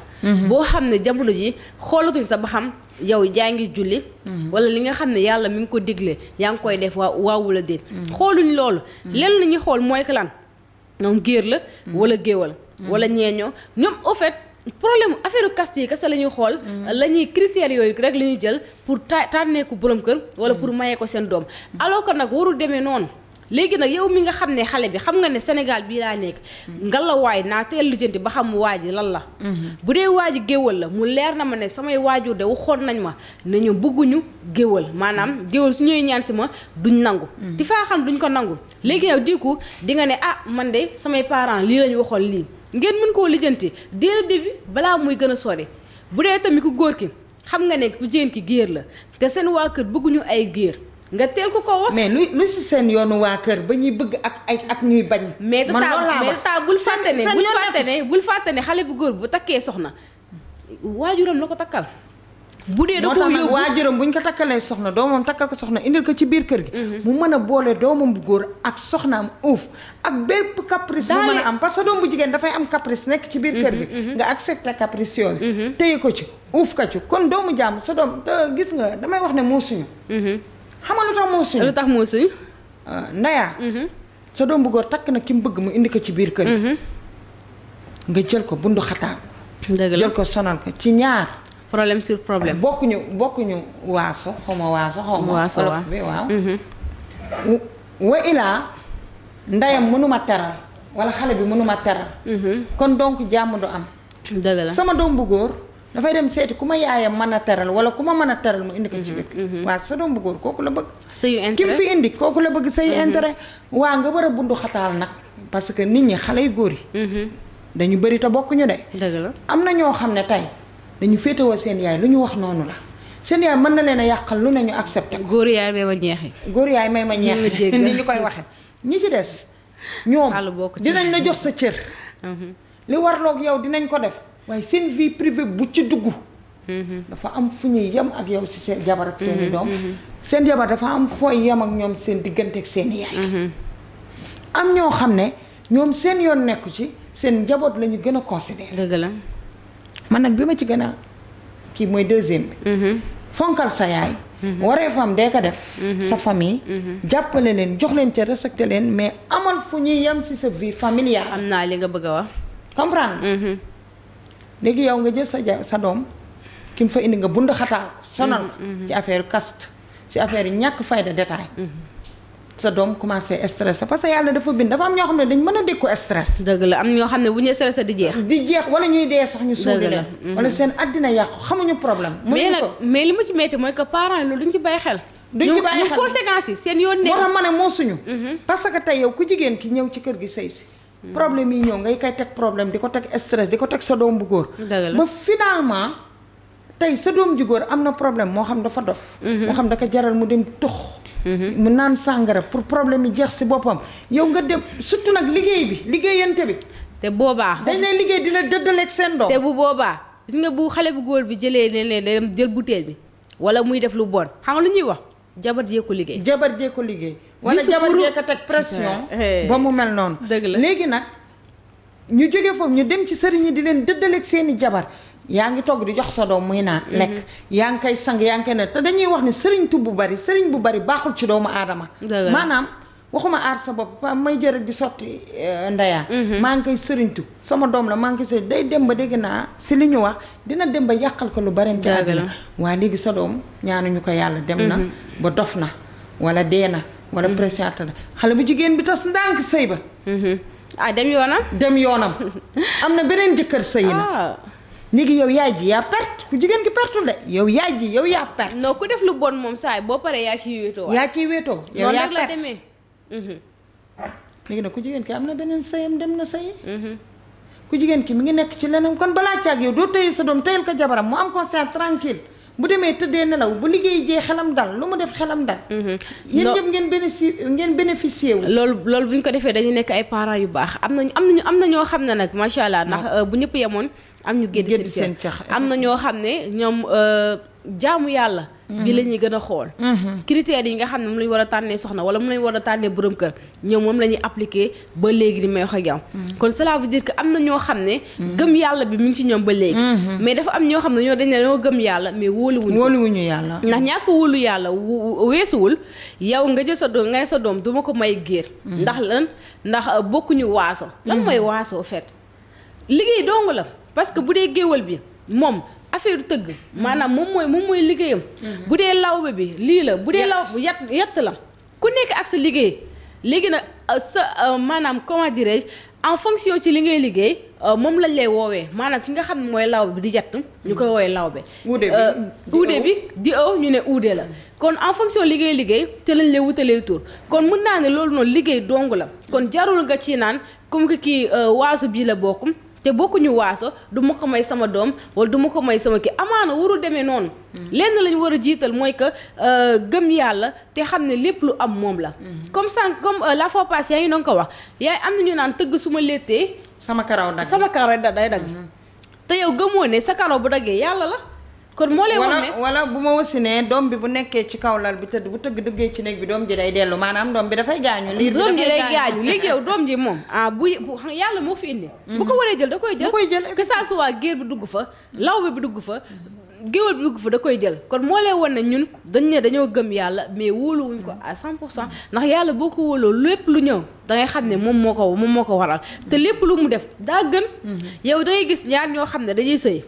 boo xam ne jamono ji xoolatuñ sa ba xam yow jaa ngi julli wala li nga xam ne yàlla mi ngi ko digle yaa ngi koy def waa waawula déet xooluñ loolu leen la ñuy xool mooy que lan ñoom géer la wala géwal wala problème affaire caste yi kese la ñuy xool. Mm. la ñuy critères yooyu rek la ñuy jël pour ta tànneeku borom kër. wala pour mm. mayee ko seen doom. alors que nag warul demee noonu. léegi nag yow mi nga xam ne xale bi xam nga ne Sénégal bii laa nekk. Mm. ngallaawaay naa teel lijjanti ba xam waa ji lan la. Mm-hmm. bu dee waaju ji la mu leer na ma ne samay waajur de waxoon nañ ma ne ñu bëgguñu géwal maanaam géwal su ñuy ñaan si ma duñ nangu. di faa xam duñ ko nangu léegi yow di nga ne ah man de samay parents lii la ñu waxoon lii. ngeen mën koo lijjanti dès le début balaa muy gën a sori bu dee tamit ku góor ki xam nga ne ku jén ki géer la te seen waa kër bëgguñu ay géer nga teel ko ko wax. mais lu si seen yoonu waa kër ba ñuy bëgg ak ay ak ñuy bañ. mais tata bul fàtte ne bul fàtte ne bul fàtte ne xale bu góor bu takkee soxna waajuram la ko takkal. bu dee da koo yóbbu waajuram bu ñu ko takkalee soxna doomam takkal ko soxna indil ko ci biir kër gi. Mm-hmm. mu mën a boole doomam bu góor ak soxnaam uuf ak bépp caprice. mu mën a am parce que doom bu jigéen dafay am caprice nekk ci biir kër bi. Mm-hmm, mm-hmm. nga accepté caprice yooyu. téye ko ci uuf ko ci kon doomu jàmm sa doom gis nga damay wax ne muusuñu. xam nga lu tax muusuñu lu tax muusuñu. Euh, Ndaya. sa doom bu góor takk na ki mu bëgg mu indi ko ci biir kër gi. nga jël ko bundu xataan. jël ko sonal ko ci ñaar. problème sur problème. bokkuñu bokkuñu waaso xaw ma waaso. xaw ma waaso waaw bi waaw. Mm-hmm. wa ilaa ndeyam mënuma teral wala xale bi mënuma teral. Mm-hmm. kon donc jàmm du am. dëgg la sama doom bu góor dafay dem seeti ku ma yaayam mën a teral wala ku ma mën a teral mu indi ko ci biir. Mm-hmm, waa sa doom bu góor kooku la bëgg. sëyu intérêt ki mu fi indi kooku la bëgg sëyu intérêt. waa nga war bundu xataal nag parce que nit ñi xale yu góor yi. dañu bëri te bokkuñu de. dëgg la am na ñoo xam dañu féetewoo seen yaay lu ñu wax noonu la seen yaay mën na leen a yàqal lu ne ñu accepté ko. góor yaay may ma ñeexi. góor yaay may ma ñeexi ni ñu koy waxee ñi ci des. ñoom dinañ la jox sa cër. Mhm. li warlook yow dinañ ko def waaye seen vie privée bu ci dugg. Mhm. dafa am fu ñuy yem ak yow si seen jabar ak seen mhm, doom. seen jabar dafa am foo yem ak ñoom seen diggante ak seen yaay. am ñoo xam ne ñoom seen yoon nekku ci seen njaboot la ñu gën a considéré. dëgg la. man nag bi ma ci gën a kii mooy deuxième bi. Mm-hmm. fonkal sa yaay. Mm-hmm. waree fam dee ko def. Mm-hmm. sa famille. jàppale leen jox leen ca respecté leen mais amal fu ñuy yem si sa vie familiale. am naa li nga bëgg a wax. comprendre léegi yow nga jël sa ja sa doom ki mu fa indi nga bund xataal ko sonal ci affaire caste ci affaire ñàkk fayda détail sa doom commencé stressé parce que yàlla dafa bind dafa am ñoo xam ne dañ mën a dékku stress. dëgg la am ñoo xam ne bu ñu stressé di jeex. di jeex wala ñuy dee sax ñu. suuli leen mm-hmm. wala seen àddina yàqu xamuñu problème. mais nag mais li ma ci métti mooy que parents yi loolu duñ ci bàyyi xel. duñ ci bàyyi xel conséquences yi seen yoon mm-hmm. parce que tey yow ku jigéen ki ñëw ci kër gi sëy si. Mm-hmm. problème yi ñëw ngay koy teg problème di ko teg stress di ko teg sa doom bu góor. ba finalement tey sa doom ju góor am na problème moo xam dafa dof. moo xam da ko jaral mu dem tux Mm-hmm. mu naan sàngara pour problème yi jeex si boppam yow nga dem surtout nag liggéey bi liggéeyante bi. te boobaa. dañ lay liggéey di la dëddaleeg seen doom. bu boobaa gis nga bu xale bu góor bi jëlee ne ne dem jël butéel bi wala muy def lu bon xam nga lu ñuy wax jabar jee ko liggéey. jabar jee ko liggéey. wala jabar jee ko teg pression. [LAUGHS] ba mu mel noonu. dëgg la léegi nag ñu jóge foofu ñu dem ci sëriñ di leen dëddaleeg seeni jabar yaa ngi togg di jox sa doom muy naa mm-hmm. lekk yaa ngi koy sang yaa ngi koy ne te dañuy wax ne sëriñ bu bari sëriñ bu bari baaxul ci doomu aadama maanaam waxuma aar sa bopp may jërëjëf bi sotti eh, ndeyaa mm-hmm. maa ngi koy sëriñtu sama doom la maa ngi koy sëriñ day dem ba dégg naa si li ñu wax dina dem ba yàqal ko lu bareem ci àddina waa léegi sa doom ñaanuñu ko yàlla dem na mm-hmm. ba dof na wala dee na wala pression la xale bu jigéen bi tas ndànk sëy ba ah dem yoonam dem yoonam [LAUGHS] am na beneen jëkkër sëy léegi yow yaay ji yaa perte ku jigéen ki perte de yow yaay ji yow yaa perte. non ku def lu bon moom saay boo paree yaa ciy wéetoo. yaa ciy wéetoo yow yaa perte noonu la demee. Mhm. léegi nag ku jigéen ki am na beneen sëyam dem na sëyi. Mhm. ku jigéen ki mi ngi nekk ci leneen kon balaa caag yow doo tëye sa doom tëyal ko jabaram mu am conscience tranquille bu demee tëddee nelaw bu liggéey jee xelam dal lu mu def xelam dal. Mhm. yéen ñëpp ngeen bénéfici ngeen bénéficié wu. loolu loolu bu ñu ko defee dañu nekk ay parents yu baax am nañu am nañu am na ñoo xam ne nag macha allah ndax euh, bu ñëpp yemoon am ñu gédd seen cax am na ñoo xam ne ñoom euh, jaamu yàlla mm-hmm. bi la ñuy gën a xool mm-hmm. critères yi nga xam ne moom la war a tànnee soxna wala moom la war a tànnee borom kër ñoom moom la ñuy ba léegi ni may wax ak yow mm-hmm. kon cela veut dire am na ñoo xam ne gëm yàlla bi mu ngi ci ñoom ba léegi mais dafa am ñoo xam ne ñoo dañ ne ñoo gëm yàlla mais wóoluwuñu wóoluwuñu yàlla ndax ñàkk wóolu yàlla weesuwul yow nga jël sa doom nga sa doom duma ko may géer ndax lan ndax euh, bokkuñu waaso lan may waaso fet liggéey dong parce que bu dee géwal bi moom affaire tëgg maanaam moom mooy moom mooy liggéeyam bu dee lawbe bi lii la bu dee lawbe bi yat yett la ku nekk ak sa liggéey léegi nag euh, sa euh, maanaam comment dirais-je en fonction ci li ngay liggéey euh, moom lañ lay woowee maanaam ci nga xam mooy lawbe bi di jatt ñu ko woowee lawbe uude bi di ëw ñu ne uude la kon en fonction li liggéey te lañ lay wutalee tur kon mën naa ne loolu noonu liggéey dong la kon jarul nga ci naan comme que kii waasu bi la bokkum te bokkuñu waaso du ma ko may sama doom wala duma ko may sama kii amaana warul demee noonu. Mm. lenn lañu war a jiital mooy que euh, gëm yàlla te xam ne lépp lu am moom la. Mm. comme sànq comme euh, la fois passée yaa ngi doon ko wax yaay am na ñu naan tëgg su ma léttee sama karaw dagg sama karaw dagg day dagg. Mm-hmm. te yow gëmoo ne sa karaw bu daggee yàlla la. kon moo lay wan ne wala bu ma wasinee doom bi bu nekkee ci kaw lal bi tëdd bu tëgg duggee ci néeg bi doom ji day dellu maanaam doom bi dafay gaañu lii bi doom ji day gaañu léegi yow doom ji moom ah bu yàlla moo fi indi bu ko waree jël da koy jël jël que ça soit géer dugg fa law bi dugg fa géwél dugg fa da koy jël kon moo lay wan ne ñun dañ ne dañoo gëm yàlla mais wóoluwuñ ko à 100 pour cent ndax yàlla boo ko wóoloo lépp lu ñëw dangay xam ne moom moo ko moom moo ko waral te lépp lu mu def daa gën mm-hmm. yow da gis ñaar ñoo xam ne dañuy sëy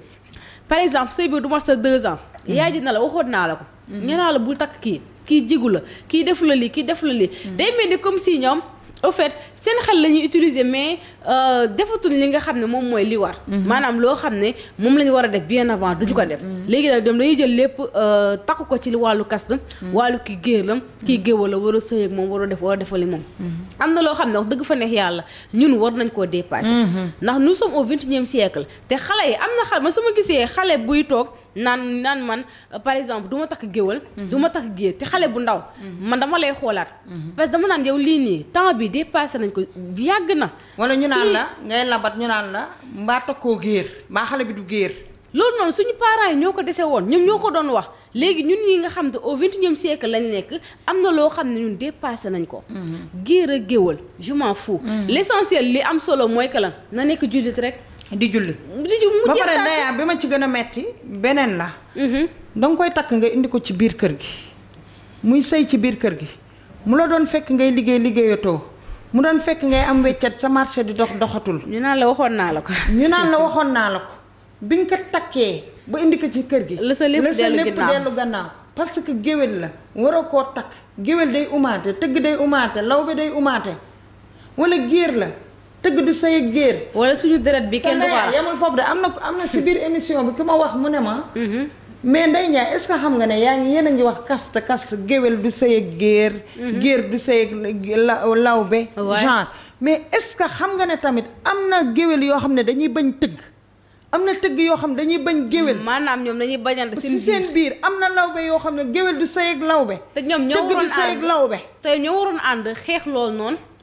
par exemple sëy bi du mat sa deux ans. Mm. yaay ji la waxoon naa la ko. Mm. ñenaa la bul takk kii kii jigu la kii defu la lii kii defu la lii. Mm. day mel ni comme si ñoom. au fait seen xel la ñuy utiliser mais euh, defatul li nga xam ne moom mooy li war. Mhm. maanaam loo xam ne moom la ñu war a def bien avant duñu ko def. Mhm. léegi nag dem dañuy jël lépp euh, takku ko ci wàllu kast. Mhm. wàllu kii géer la kii géwël la war a sëy ak moom war a def war a defali moom. am na loo xam ne wax dëgg fa neex yàlla ñun war nañ koo dépasser. ndax nu sommes au vingt et unième siècle te xale yi am na xale ma su ma gisee xale buy toog. naan naan man euh, par exemple duma takk géwal du ma takk géer te xale bu ndaw man dama lay xoolaat parce que dama naan yow lii nii temps bi dépassé nañ ko yàgg na wala ñu naan la ngay labat ñu naan la mbaa takkoo géer mbaa xale bi du géer loolu noonu suñu parents yi ñoo ko dese woon ñoom ñoo ko doon wax léegi ñun ñi nga xam te au vingt ñoom unième siècle lañ nekk am na loo xam ne ñun dépassé nañ ko mhm. géer a géwal je m'en fous mhm. li am solo mooy que la na nekk jullit rek di julli. di ju mu ba pare ndayaa bi ma ci gën a metti beneen la. Mm-hmm. danga koy takk nga indi ko ci biir kër gi. muy sëy ci biir kër gi mu la doon fekk ngay liggéey liggéeyatoo mu doon fekk ngay am weccat sa marché di dox doxatul. ñu naan la waxoon naa la ko. ñu naan la waxoon naa la ko bi nga ko takkee ba indi ko ci kër gi. la sa lépp dellu gannaaw parce que géwél la waroo koo takk géwél day umaate tëgg day umaate lawbe day umaate wala géer la. tëgg du sëy ak jéer. wala suñu deret bi kenn du ko yamul foofu de am na am na si biir émission bi ki ma wax mu ne ma. Mm-hmm. mais Ndeye Ndiaye est-ce que xam nga ne yaa ngi yéen a ngi wax kast kast géwél du sëy ak géer. Mm-hmm. géer du sëy ak lawbe. genre mais est-ce que xam nga ne tamit am na géwél yoo xam ne dañuy bañ tëgg. am na tëgg yoo xam ne dañuy bañ géwél. maanaam ñoom dañuy bañal seen biir si seen biir am na lawbe yoo xam ne géwél du sëy ak lawbe. te ñoom ñoo waroon ànd tëgg du te ñoo waroon ànd xeex loolu noonu.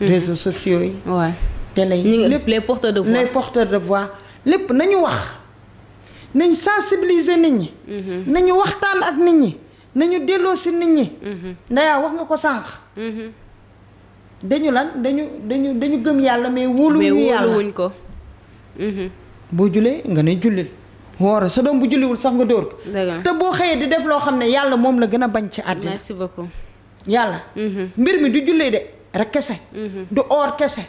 Mhm. réseaux sociaux télé les porteurs de voix les porteurs de voix Les nañu wax nañ sensibiliser les ñi. Mhm. nañu waxtaan ak nit ñi nañu delloo les nit ñi. Mhm. ndayaa wax nga ko lan les gëm mais. gens, yàlla mais wóoluwuñ les boo nga ne jullil. woor sa doom bu wul sax nga dóor ko. te boo di def lo xam Yalla mom la gëna bañ ci àddina. merci beaucoup. yàlla. mbir mi du jullee de. rek kese. Mhm. du or kese.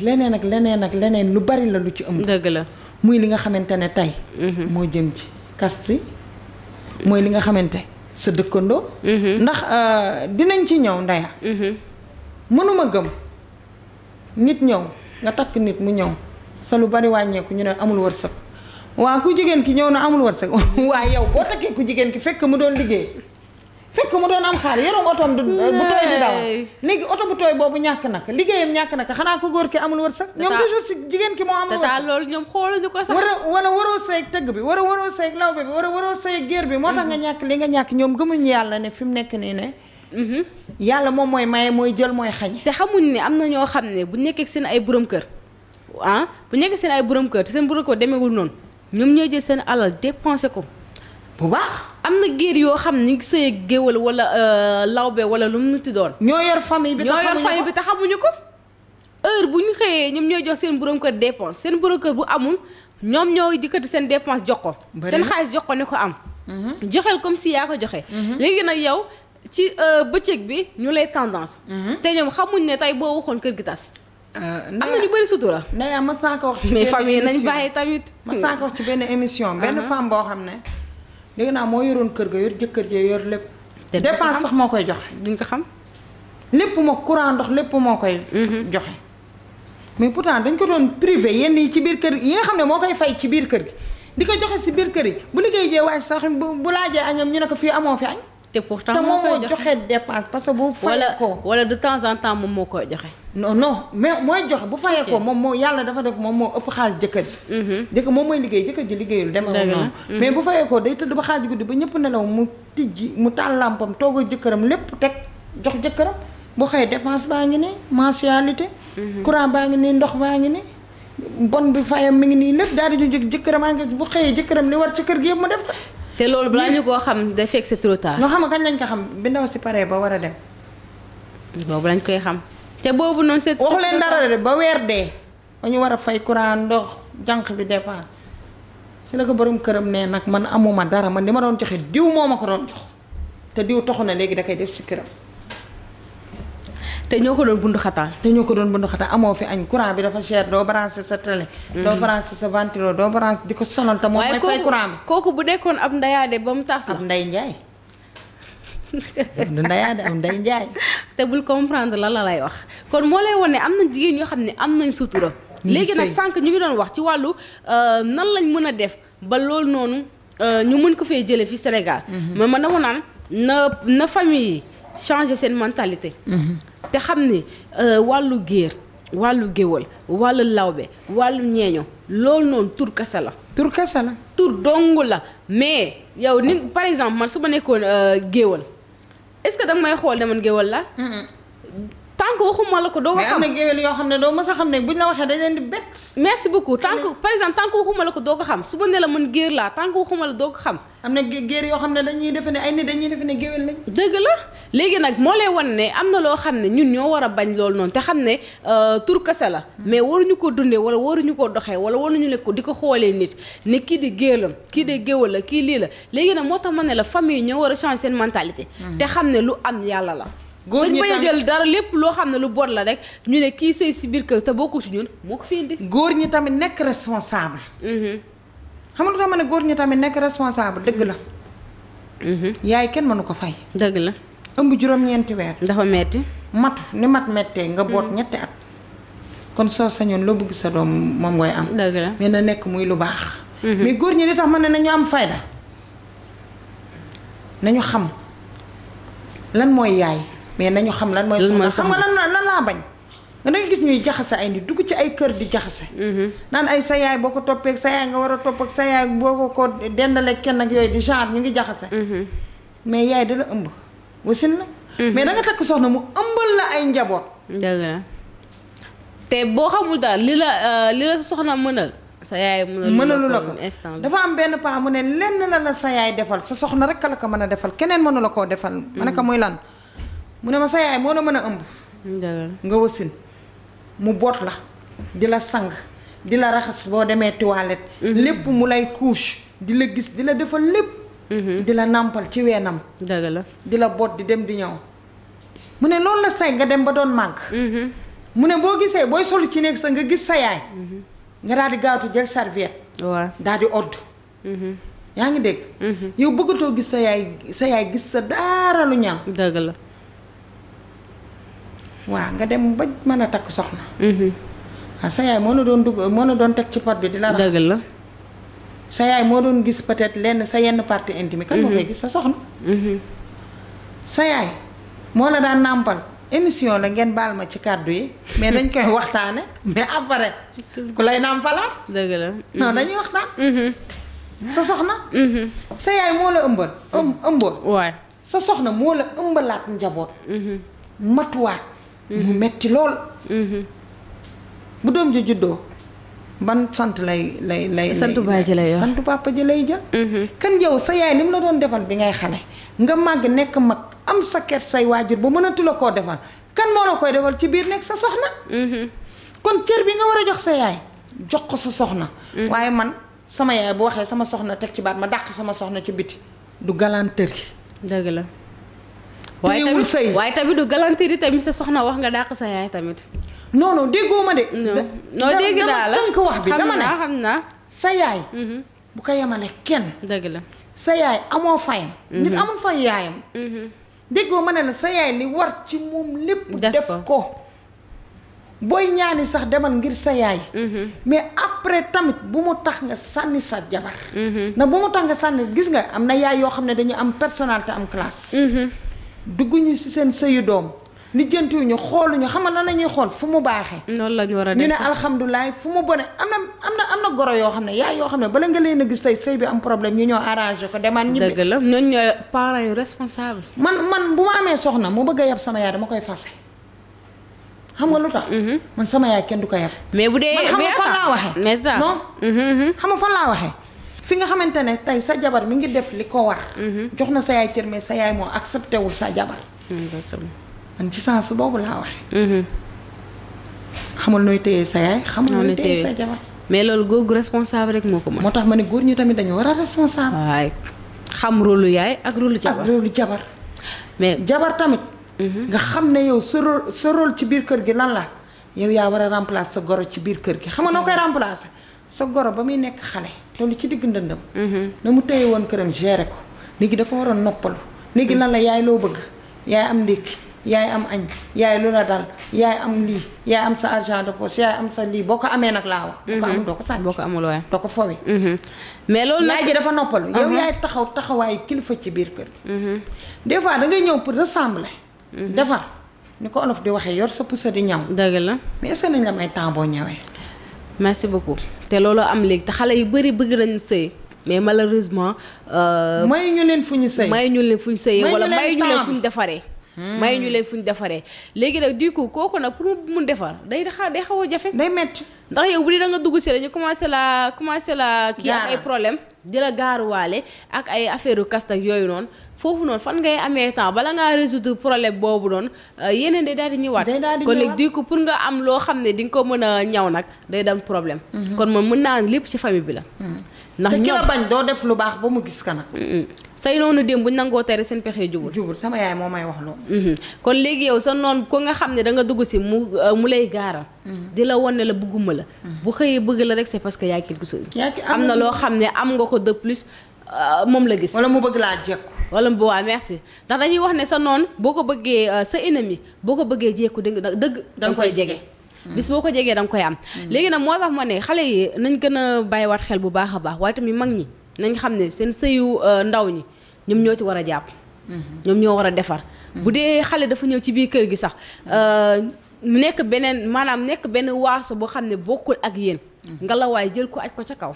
leneen ak leneen ak leneen lu bari la lu ci ëmb. dëgg muy li nga xamante ne tey. Mhm. moo jëm ci kasti mooy li nga xamante sa dëkkandoo. Mhm. ndax euh, dinañ ci ñëw ndaya. mënuma gëm nit ñëw nga takk nit mu ñëw sa lu bari wàññeeku ñu ne amul wërsëg. waa ku jigéen ki ñëw na amul wërsëg [LAUGHS] waa yow boo takkee ku jigéen ki fekk mu doon liggéey fekk mu doon am xaar yaroon otoom du bu tooy di daw léegi oto bu tooy boobu ñàkk naka liggéeyam ñàkk naka xanaa ko góor ki amul wërsëg ñoom toujours si jigéen ki moo amul wërsëg loolu ñoom xooluñu ko war a wala waroo sëyeg tëgg bi war a waroo sëyeg lawbe bi war a waroo sëyeg bi moo tax nga mhm. ñàkk li nga ñàkk ñoom gëmuñu yàlla ne fi mu nekk nii ne mhm. yàlla moom mooy maye mooy jël mooy xañe te xamuñ ne am na ñoo xam ne bu nekkee seen ay borom kër ah bu nekkee seen ay borom kër te seen borom ko demeewul noonu ñoom ñoo jël seen alal dépensé ko bu baax amna na géer yoo xam sëy geewal wala lawbe wala lu mu ti doon ñoo yor famille bi ñoo yor famille bi te xamuñu ko heure bu xeye ñom ñoom jox seen borom ko dépense seen borom ko bu amul ñom ñoo yëkkati seen dépense jox ko seen xaliss jox ko ne ko am joxel comme si ya ko joxe legi nak yow ci bëccëg bi ñu lay tendance te ñom xamuñ ne tay bo waxon kër gi tas amna ñu bari sutura né ya ma sank wax ci mais famille nañ baye tamit ma sank wax ci ben émission ben femme bo xamné dégg naa moo yoroon kër ga yor jëkkër jee yor lépp. te dépense sax moo koy joxe. duñ ko xam. lépp moo courant ndox lépp moo koy. Mhm. joxe mais pourtant dañ ko doon privé yenn yi ci biir kër yi nga xam ne moo koy fay ci biir kër gi. di ko joxe si biir kër yi bu liggéey jee waaj sax bu bu laajee añam ñu ne ko fii amoo fi añ. te pourtant moo koy joxe dépense parce que bu fayé ko wala de temps en temps moom moko koy joxe. non non mais moy joxe bu fayé ko mom mo yalla dafa def mom mo ëpp xaalis jëkkër ji. Mm-hmm. jëkkër mom moy liggéey jëkkër ji liggéeyul demee noonu. Mm-hmm. mais bu fayé ko day tudd ba xaaj guddi ba ñëpp nelaw mu tijji mu tal làmpam togo jëkkeeram lepp tek jox jëkkeeram bu xëyee dépense baa ngi ne mensualité. Mm-hmm. courant baa ngi ne ndox baa ngi ne. bon bi fayam mi ngi nii lepp daal ñu jóg jëkkëram engrais bu xëyee jëkkeeram li war ci kër gi mu def te loolu balaa ñu koo xam day fekk c'est trop tard. ñoo xam kañ lañ ko xam bi ndaw si paree ba war a dem. boobu lañ koy xam. te boobu noonu c'est waxu leen dara de ba weer dee. dañu war a fay courant ndox janq bi départ si na ko borom këram ne nag man amuma dara man li ma doon joxe diw moo ma ko doon jox te diw toxu na léegi da koy def si këram. te ñoo ko doon bundu xataal te ñoo ko doon bundu xataal amoo fi añ courant bi dafa cher doo branché sa télé mm-hmm. doo branché sa ventilo doo branché di ko sonal te moom may fay courant bi kooku bu nekkoon ab ndayaade ba mu taas nday njaay am nday njaay te bul comprendre la la lay wax kon moo lay ne am na jigéen ñoo xam ne am nañ sutura léegi nag sànq ñu ngi doon wax ci wàllu euh, nan lañ mën a def ba loolu noonu euh, ñu mën ko fee jële fi Sénégal mm-hmm. mais na na famille yi changer seen mentalité mm-hmm. te xam ne euh, wàllu géer wàllu géwal wàllu lawbe wàllu ñeeño loolu noonu tur kasa la. tur kasa la. tur dong la mais yow nit par exemple man su ma nekkoon euh, géwal est-ce que danga may xool ne man géwal la tànk waxuma la ko doo ko xam mais géwél yoo xam ne doo mës sa xam ne buñ la waxee dañ leen di bett. merci beaucoup tànk par exemple tànk waxuma la ko doo ko xam su ma ne la géer laa tànk waxuma la doo ko xam. am na géer yoo xam ne dañuy defe ne ay nit dañuy defe ne géwél lañ. dëgg la léegi nag moo lay wan ne am na loo xam ne ñun ñoo war a bañ loolu noonu te xam ne euh, tur kese la. mais waruñu ko dundee wala waruñu ko doxee wala waruñu ne ko di ko xoolee nit ne kii di géelam kii di géwél la kii lii la léegi nag moo tax ma ne la famille ñoo war a changer seen mentalité. Mhm. te xam ne lu am yàlla la góor ñi dañ bañ jël dara lépp loo xam ne lu bon la rek ñu ne kii sëy si biir kër te bokku ci ñun moo ko fi indi góor ñi tamit nekk responsable mhm. xam nga dama ne góor ñi tamit nekk responsable dëgg la mhm. yaay kenn mënu ko fay dëgg la ëmb juróom ñeenti weer dafa metti matu ni mat mettee nga boot mhm. ñetti at kon soo sañoon loo bëgg sa doom moom ngay am dëgg la mais na nekk muy lu baax mais góor ñi li tax ma ne nañu am fayda nañu xam lan mooy yaay mais nañu xam lan mooy soxna xam nga lan lan laa bañ nga danga gis ñuy jaxase ay nit dugg ci ay kër di jaxase mhm. naan ay sa yaay boo ko toppee sa yaay nga war a topp ak sa yaay boo ko ko kenn di genre ñu ngi jaxase mhm. mais yaay dala ëmb wasin la mhm. mais danga takk soxna mu ëmbal la ay njaboot te boo xamul daal li la euh, li la soxna mënal sa yaay mënalu la ko dafa am benn paa mu ne lenn la la sa yaay defal sa soxna rek la ko mën a defal keneen mënula koo defal ma ne ko muy lan mu ne ma sa yaay moo la mën a ëmb. nga wasin mu boot la di la sang di la raxas boo demee toilette. Mhm. lépp mu lay couche di la gis di la defal lépp. Mhm. di la nàmpal ci weenam. dëgg la di la boot di dem di ñëw. mu ne loolu la say nga dem ba doon màgg. Mhm. mu ne boo gisee booy solu ci nekk sa nga gis sa yaay. nga daal di gaawtu jël serviette. waaw daal di odd. yaa ngi dégg. yow bëggatoo gis sa yaay sa yaay gis sa daara lu ñaaw. la. waaw nga dem ba mën a takk soxna. waaw mhm. ah, sa yaay moo na doon dugg moo na doon teg ci pot bi di la. dëgg moo doon gis peut-être lenn sa yenn partie intime kan moo mhm. koy gis sa soxna. Mhm. sa moo la daan nàmpal émission la ngeen baal ma ci kàddu yi. mais dañ koy waxtaane mais après ku lay nàmpalaat. dëgg la non dañuy soxna. sa yaay moo la ëmbal. ëmbal. sa soxna moo la ëmbalaat njaboot. matuwaat. mu metti lool. Mm-hmm. bu doom ji juddoo ban sant lay lay lay. sant baay ji lay sant lay jël. Mm-hmm. kan yow sa yaay li mu la doon defal bi ngay xale nga màgg nekk mag am sa ker say waajur ba mënatu la koo defal kan moo la koy defal ci biir nekk sa soxna. Mm-hmm. kon cër bi nga war a jox sa yaay jox ko sa soxna. waaye man sama yaay bu waxee sama soxna teg ci baat ma dàq sama soxna ci biti du galanterie. dëgg la. téyewul sëy waaye tamit du galanteeri tamit sa soxna wax nga dàq sa yaay tamit. non déggoo ma de. noo dégg naa la tënk wax bi dama ne xam naa sa yaay. Mhm. bu ko yemale kenn. dëgg la sa yaay amoo fayam. Mhm. nit amul fay yaayam. Mhm. déggoo ma ne la sa yaay li war ci moom lépp. def ko booy ñaani sax demal ngir sa yaay. mais après tamit bu mu tax nga sànni sa jabar. ndax bu mu tax nga sànni gis nga am na yaay yoo xam ne dañu am personnalité am classe. dugguñu ci seen sëyu doom lijjantiwuñu xooluñu xam na lan la ñuy xool fu mu baaxee. noonu la ñu war a def ñu ne alhamdulilah fu mu bone am na am na am na goro yoo xam ne yaay yoo xam ne bala nga leen a gis tey sëy bi am problème ñu ñoo arrangé ko demaan. ñibbi dëgg la ñooñu ñooy parents yu responsable. man man bu ma amee soxna mu bëgg a yab sama yaay dama koy fase xam nga lu tax. Mm-hmm. man sama yaay kenn du ko yab. mais bu dee mais mm-hmm. xam nga fan laa waxee. mais ça fan laa waxee. fi nga xamante ne tey sa jabar mi ngi def li ko war. Mhm. jox na sa yaay cër mais sa yaay moo accepté wul sa jabar. Mm, man ci sens boobu laa waxe mhm. xamul nooy téye sa yaay. xamul nooy téye sa jabar. mais loolu góor gu responsable rek moo ko mën. moo tax ma ne góor ñi tamit dañu war a responsable. waay xam rôle yaay ak rôle jabar ak rôle jabar. mais jabar tamit. Mhm. nga xam ne yow sa rôle sa rôle ci biir kër gi lan la yow yaa war a remplace sa goro ci biir kër gi xam nga noo koy remplacer sa goro ba muy nekk xale. loolu ci digg ndëndam. Mm-hmm. na mu téye woon këram gérer ko léegi dafa waroon noppalu. léegi lan la yaay loo bëgg yaay am ndékki yaay am añ yaay lu la dal yaay am lii yaay am sa argent de poche yaay am sa lii boo ko amee nag laa wax. boo ko mm-hmm. amul doo ko sàcc boo ko amul waaye doo ko fowe. Mm-hmm. mais loolu nag yaay ji dafa noppalu. Uh-huh. yow yaay taxaw taxawaayu kilifa ci biir kër gi. des fois da ngay ñëw pour ressembler. defar ni ko olof di waxee yor sa pusa di ñaw. dëgg la mais est-ce may temps boo ñawee. merci beaucoup te looloo am léegi te xale yu bëri bëgg nañ sëy mais malheureusement. Euh, may ñu leen fu ñu sëy may ñu leen fu ñu wala may ñu leen fu ñu defaree. Hmm. may ñu leen fu ñu defaree léegi nag du ko kooku nag pour mu mun defar day xaw day xaw a jafe. day metti ndax yow bu dee da nga dugg si dañu commencé laa commencé laa kii ak ay problème di la gaaruwaale ak ay affaire yu kast yooyu noonu. foofu noonu fan ngay amee temps bala ngaa résoudre problème boobu noonu euh, yeneen day daal di ñëwaat kon léegi du coup pour nga loo xam ne di nga ko mën a ñaw nag day dem problème mhm. kon moom mën lépp ci famille bi la mhm. ndax ñoom te doo def lu baax ba mu gis ka nag say noonu bu nangoo seen pexe jubul jubul sama yaay moo may wax loolu mm-hmm. kon léegi yow sa noonu ko nga xam ne da nga dugg si mu euh, mu lay gaaral mm-hmm. di la wan ne la bëgguma la mm-hmm. bu xëyee bëgg la rek c'est parce que yaa quelque chose am na loo xam ne am nga ko de plus Euh, moom la gis. wala mu bëgg laa jekku. wala mu waaw merci ndax dañuy wax ne sa noon boo ko bëggee euh, sa inam ennemi boo ko bëggee jekku dëgg dëgg. danga koy jege. bis boo ko jegee danga koy am. Mm. léegi nag moo tax ma ne xale yi nañ gën a bàyyiwaat xel bu baax a baax waaye tamit mag ñi nañ xam ne seen sëyu euh, ndaw ñi ñoom ñoo ci war a jàpp. Mm-hmm. ñoom ñoo war a defar. Mm-hmm. bu dee xale dafa ñëw ci biir kër gi sax nekk beneen maanaam nekk benn waaso boo xam ne bokkul ak yéen. Mm-hmm. ngalawaay jël ko aj ko ca kaw.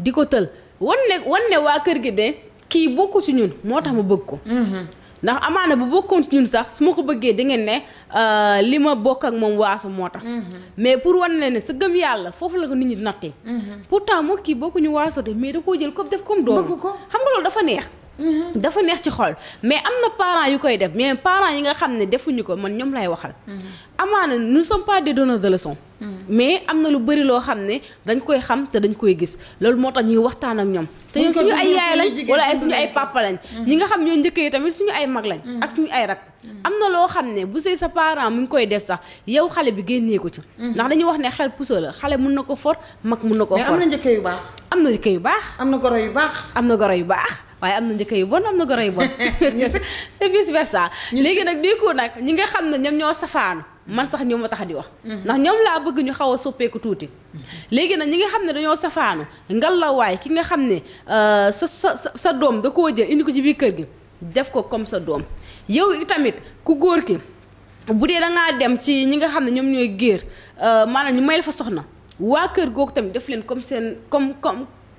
di ko tël. wan ne wan ne waa kër gi de kii bokku ci ñun moo tax ma bëgg ko. Mhm. ndax amaana bu bokkoon ci ñun sax su ma ko bëggee da ngeen ne euh, li ma bokk ak moom waasu moo tax. Mhm. mais pour wan ne ne sa gëm yàlla foofu la ko nit ñi nattee. Mhm. pourtant moo kii bokkuñu waaso de mais da koo jël ko def comme doom. bëgg ko xam nga loolu dafa neex. Mm-hmm. dafa neex ci xol mais am na parents yu koy def mais parent yi nga xam ne defuñu ko man ñoom lay waxal. Mm-hmm. amaana nous sommes pas des donneurs de leçons. Mm-hmm. mais am na lu bëri loo xam ne dañ koy xam te dañ koy gis loolu moo tax ñuy waxtaan ak ñoom. te ñun suñu ay lañ wala ay suñu nga xam ñoo njëkk yi tamit suñu ay mag lañ. ak suñu ay rak. am na loo xam ne bu see sa parent mu ngi koy def sax yow xale bi génnee ko ci. ndax dañuy wax ne xel puso la xale mun na ko for mag mun na ko for mais am na njëkk yu baax. am na njëkk yu baax. am na goro yu baax. am na goro yu baax. waaye am na njëkk yu bon am na goro yu bon [LAUGHS] [LAUGHS] c'est vice versa léegi nag du coup nag ñi nga xam ne ñoom ñoo safaanu man sax ñoom ma tax di wax mm-hmm. ndax ñoom laa bëgg ñu xaw a soppeeku tuuti mm-hmm. léegi nag ñi nga xam ne dañoo safaanu ngalawaay ki nga xam ne euh, sa sa sa doom da koo jël indi ko ci biir kër gi def ko comme sa doom yow itamit ku góor ki bu dee dangaa dem ci ñi nga xam ne ñoom ñooy géer euh, maanaam ñu may la fa soxna waa kër googu tamit def leen comme seen comme comme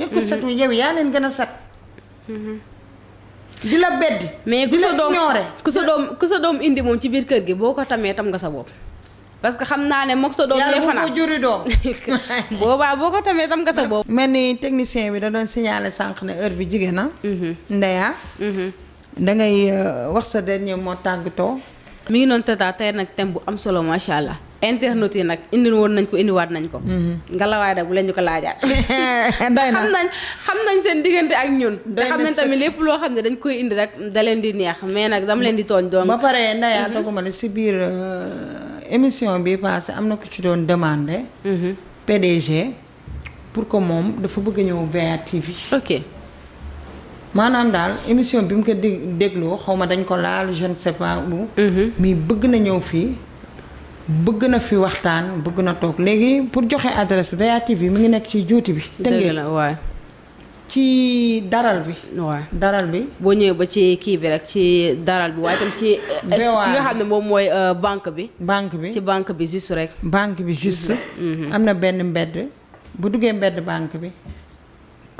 nit sa set wi mhm. yaa leen gën a set di la bedd mais ku sa doom ku sa doom ku sa doom indi moom ci biir kër gi boo ko tamee tam nga sa bopp parce que xam naa ne mook sa doom yee fanaan yàlla juri [LAUGHS] boobaa boo tamee tam nga sa mel ni technicien bi da doon sànq ne heure bi jigéena na mhm. ndeyaa mhm. da ngay euh, wax sa dernier mot tàggatoo mu ngi noonu tata tey nag thème bu am solo macha allah. internet yi nag indi woon nañ ko indiwaat nañ ko. Mhm. ngalawaay nag bu leen ñu ko laajaat. [LAUGHS] doy na xam seen diggante ak ñun. te xam lépp loo xam ne dañ koy indi rek da leen di neex mais nag dama leen di tooñ doon. ba pare Ndaya doguma mhm. la si biir euh, émission bi passé am na ku ci doon demandé. Mhm. PDG pour que moom dafa bëgg a ñëw VA TV. ok. maanaam daal émission bi mu ko dé dégloo xaw ma dañ ko laal je ne sais pas où. bëgg na ñëw fii. bëgg na fi waxtaan bëgg na toog léegi pour joxe adresse VA TV mu ngi nekk ci juuti bi. dëgg la waay ci daral bi. waaw daral bi. boo ñëwee ba ci kii bi rek ci daral bi waaye tam ci. bi [LAUGHS] nga xam ne moom mooy euh, banque bi. banque bi ci banque bi juste rek. banque bi juste. Mhm. am na benn mbedd bu duggee mbedd banque bi.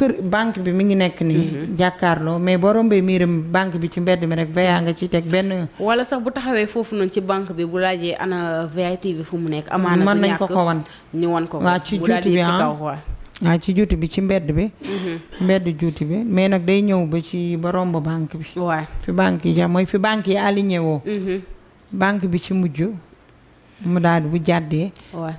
kër banque bi mi ngi nekk nii. Mhm. jàkkaarloo mais boo rombee miiram banque bi ci mbedd mi rek VA nga ci teg benn. wala sax bu taxawee foofu noonu ci banque bi bu laajee ana VA fu mu nekk. amaana mën nañ ko ko wan ko ko ah. ci juuti bi ci mbedd bi. Mhm. mbedd bi mais nag day ñëw ba ci ba romb banque bi. waaw fi yi mooy fi banque yi aligné mhm. banque bi ci mujj mu daal bu jàddee.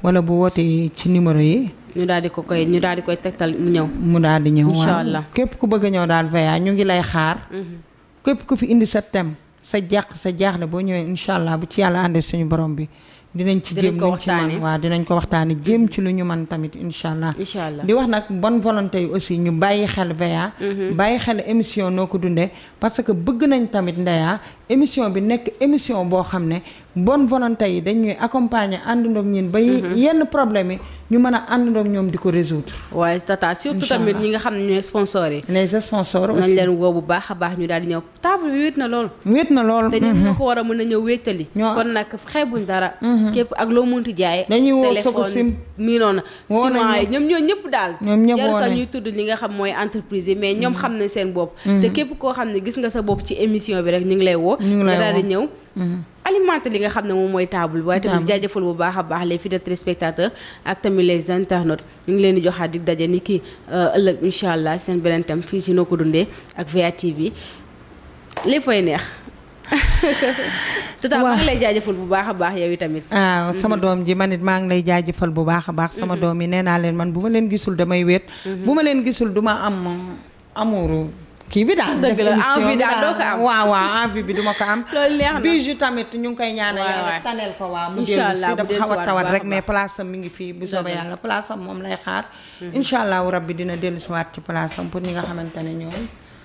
wala bu wootee ci numéro yi. ñu daal di ko koy ñu daal di koy tegtal mu ñëw. mu daal di ñëw waaw képp ku bëgg a ñëw daal Veya ñu ngi lay xaar. Mhm. képp ku fi indi sa thème sa jàq sa jaaxle boo ñëwee incha allah bu ci yàlla àndee suñu borom bi. dinañ ci jéem luñ ci man waaw dinañ ko waxtaanee jéem ci lu ñu man tamit incha allah. incha allah di wax nag bon volonté yi aussi ñu bàyyi xel Veya. Mhm. bàyyi xel émission noo ko dundee parce que bëgg nañ tamit ndeya émission bi nekk émission boo xam ne bonne volonté yi dañuy accompagner àndandoog ñin ba mhm. yenn problème yi ñu mën a àndandoog ñoom di ko résoudre waaye tata surtout tamit ñi nga xam ne ñooy sponsors yi les sponsors nañ leen woo bu baax baax ñu daal di ñëw table bi na lool wéet na lool te mhm. ko war a mën a ñëw wéetali kon nag xeebuñ dara mhm. képp ak loo munti jaay dañuy woo soko sim mii noonu ciment yi ñoom ñoo ñëpp daal ñoom ñëpp jarul sax ñuy tudd li nga xam mooy entreprise yi mais ñoom xam ne seen bopp te képp koo xam ne gis nga sa bopp ci émission bi rek ñu ngi lay woo nga daal di ñëw mm-hmm. alimenté li nga xam ne moom mooy table waaye tamit jaajëfal bu baax a baax les fidèles téléspectateurs ak tamit les ñu ngi leen di joxaat di daje ni ki euh, ëllëg incha allah seen beneen tam fii si ko dundee ak VA TV lépp fay neex [LAUGHS] waaw maa ngi lay jaajëfal bu baax a baax yow tamit. ah mm-hmm. sama doom ji man it maa ngi lay jaajëfal bu baax a baax. sama mm-hmm. doom yi nee naa leen man bu ma leen gisul damay wéet. bu ma leen gisul duma am amuuru. kii bi daal dëgg la envie daal doo ko am waaw waaw envie bi duma ko am [LAUGHS] bijou tamit ñu ngi koy ñaanal yàlla taneel ko waaw mu dellu dafa xaw a tawat rek mais place am mi ngi fii bu soobee yàlla place am moom lay xaar incha allahu bi dina dellu si waat ci place pour ñi nga xamante ne ñoom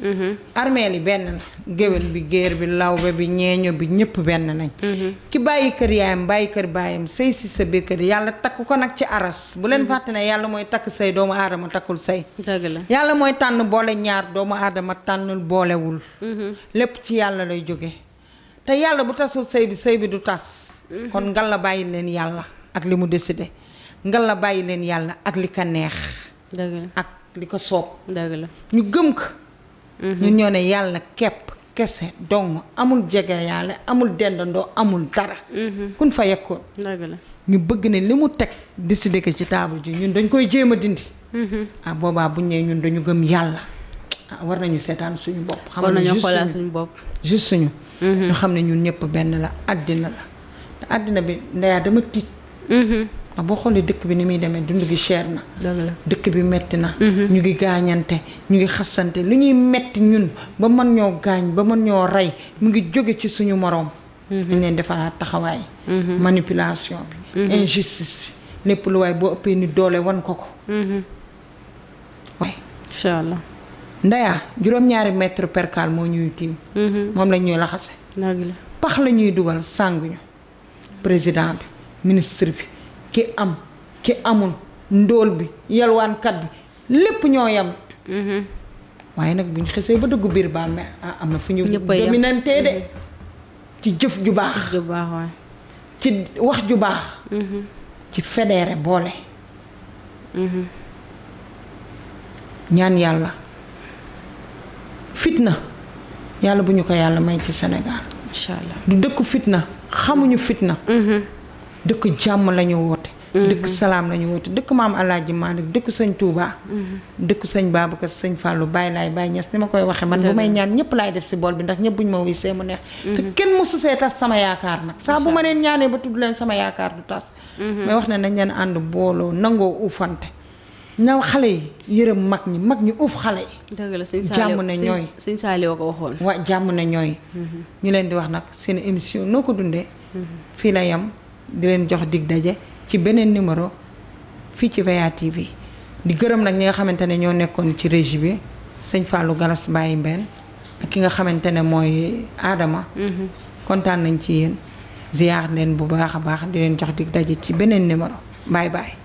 Mm-hmm. armeel yi benn na géwél bi géer bi lawbe bi ñeeño bi ñëpp benn nañ mm-hmm. ki bàyyi kër yaayam bàyyi kër baayam sëy si sa biir kër yàlla takk ko nag ci aras bu leen mm-hmm. fàtte ne yàlla mooy takk say doomu aadama takkul say dëgg la yàlla mooy tànn boole ñaar doomu aadama tànnul boolewul lépp ci yàlla lay jóge te yàlla bu tasul sëy bi sëy bi du tas kon ngal la bàyyi leen yàlla ak li mu décidé ngal la bàyyi leen yàlla ak li ko neex ak li ko soob ñu gëm ko Mhm. ñun ñoo ne yàlla képp kese dong amul jege yàlla amul dendandoo amul dara. Mhm. kun fa yekkoon. ñu bëgg ne li mu teg décidé ko ci table ji ñun dañ koy jéem a dindi. Mhm. ah boobaa buñ ne ñun dañu gëm yàlla. Ah, war nañu seetaan suñu bopp. xam ne juste xoolal suñu bopp. suñu. ñu xam ne ñun ñëpp benn la àddina la te àddina bi ndeyaa dama tiit. ndax boo xoolee dëkk bi ni muy demee dund gi cher na. dëkk bi metti na. Mhm. ñu ngi gaañante ñu ngi xasante li ñuy metti ñun ba mën ñoo gaañ ba mën ñoo rey mu ngi jóge ci suñu moroom. dañ mhm. leen defaraat taxawaay. Mhm. manipulation bi. injustice bi lépp lu waay boo ëppee ni doole wan ko ko. waaye. allah. ndaya juróom-ñaari mètre percal moo ñuy tiim. moom lañ ñuy laxase. pax la ñuy dugal sànguñu président bi ministre bi. ki am ki amul ndool bi yalwaankat bi lépp ñoo yam mm-hmm. waaye nag bu ñu xesee ba dëggu biir ba mais ah am na fu ñu. dominante de mm-hmm. ci jëf ju baax. ju baax ci wax ju baax. Mm-hmm. ci fédéré boole. ñaan yàlla fitna yàlla bu ñu ko yàlla may ci Sénégal. du dëkku fitna xamuñu fitna. dëkk jàmm la ñu woote. Mm-hmm. dëkk salaam la ñu woote dëkk maam ji Maalik dëkk sëñ Touba. Mm-hmm. dëkk sëñ Babacar sëñ Fallou baay Laay Baye Ñas ni ma koy waxee man bu may ñaan ñëpp laay def si bool bi ndax ñëpp buñ ma wuy see mu neex. te mm-hmm. kenn mosu see tas sama yaakaar nag. saa bu ma leen ñaanee ba tudd leen sama yaakaar du tas. mais wax ne nañ leen ànd booloo nangoo uufante. naw xale yi yërëm mag ñi mag ñi uuf xale yi. dëgg la jàmm na ñooy sëñ Saliou ko waxoon. wa jàmm na ñooy. ñu leen di wax nag seen émission noo ko dundee. fii la yam di leen jox digg daje ci beneen numéro fii ci VA TV di gërëm nag ñi nga xamante ne ñoo nekkoon ci régie bi sëñ Fallou Galas Baye mbenn ak ki nga xamante ne mooy aadama mhm. kontaan nañ ci yéen ziar leen bu baax a baax di leen jox dig daje ci beneen numéro bye bye.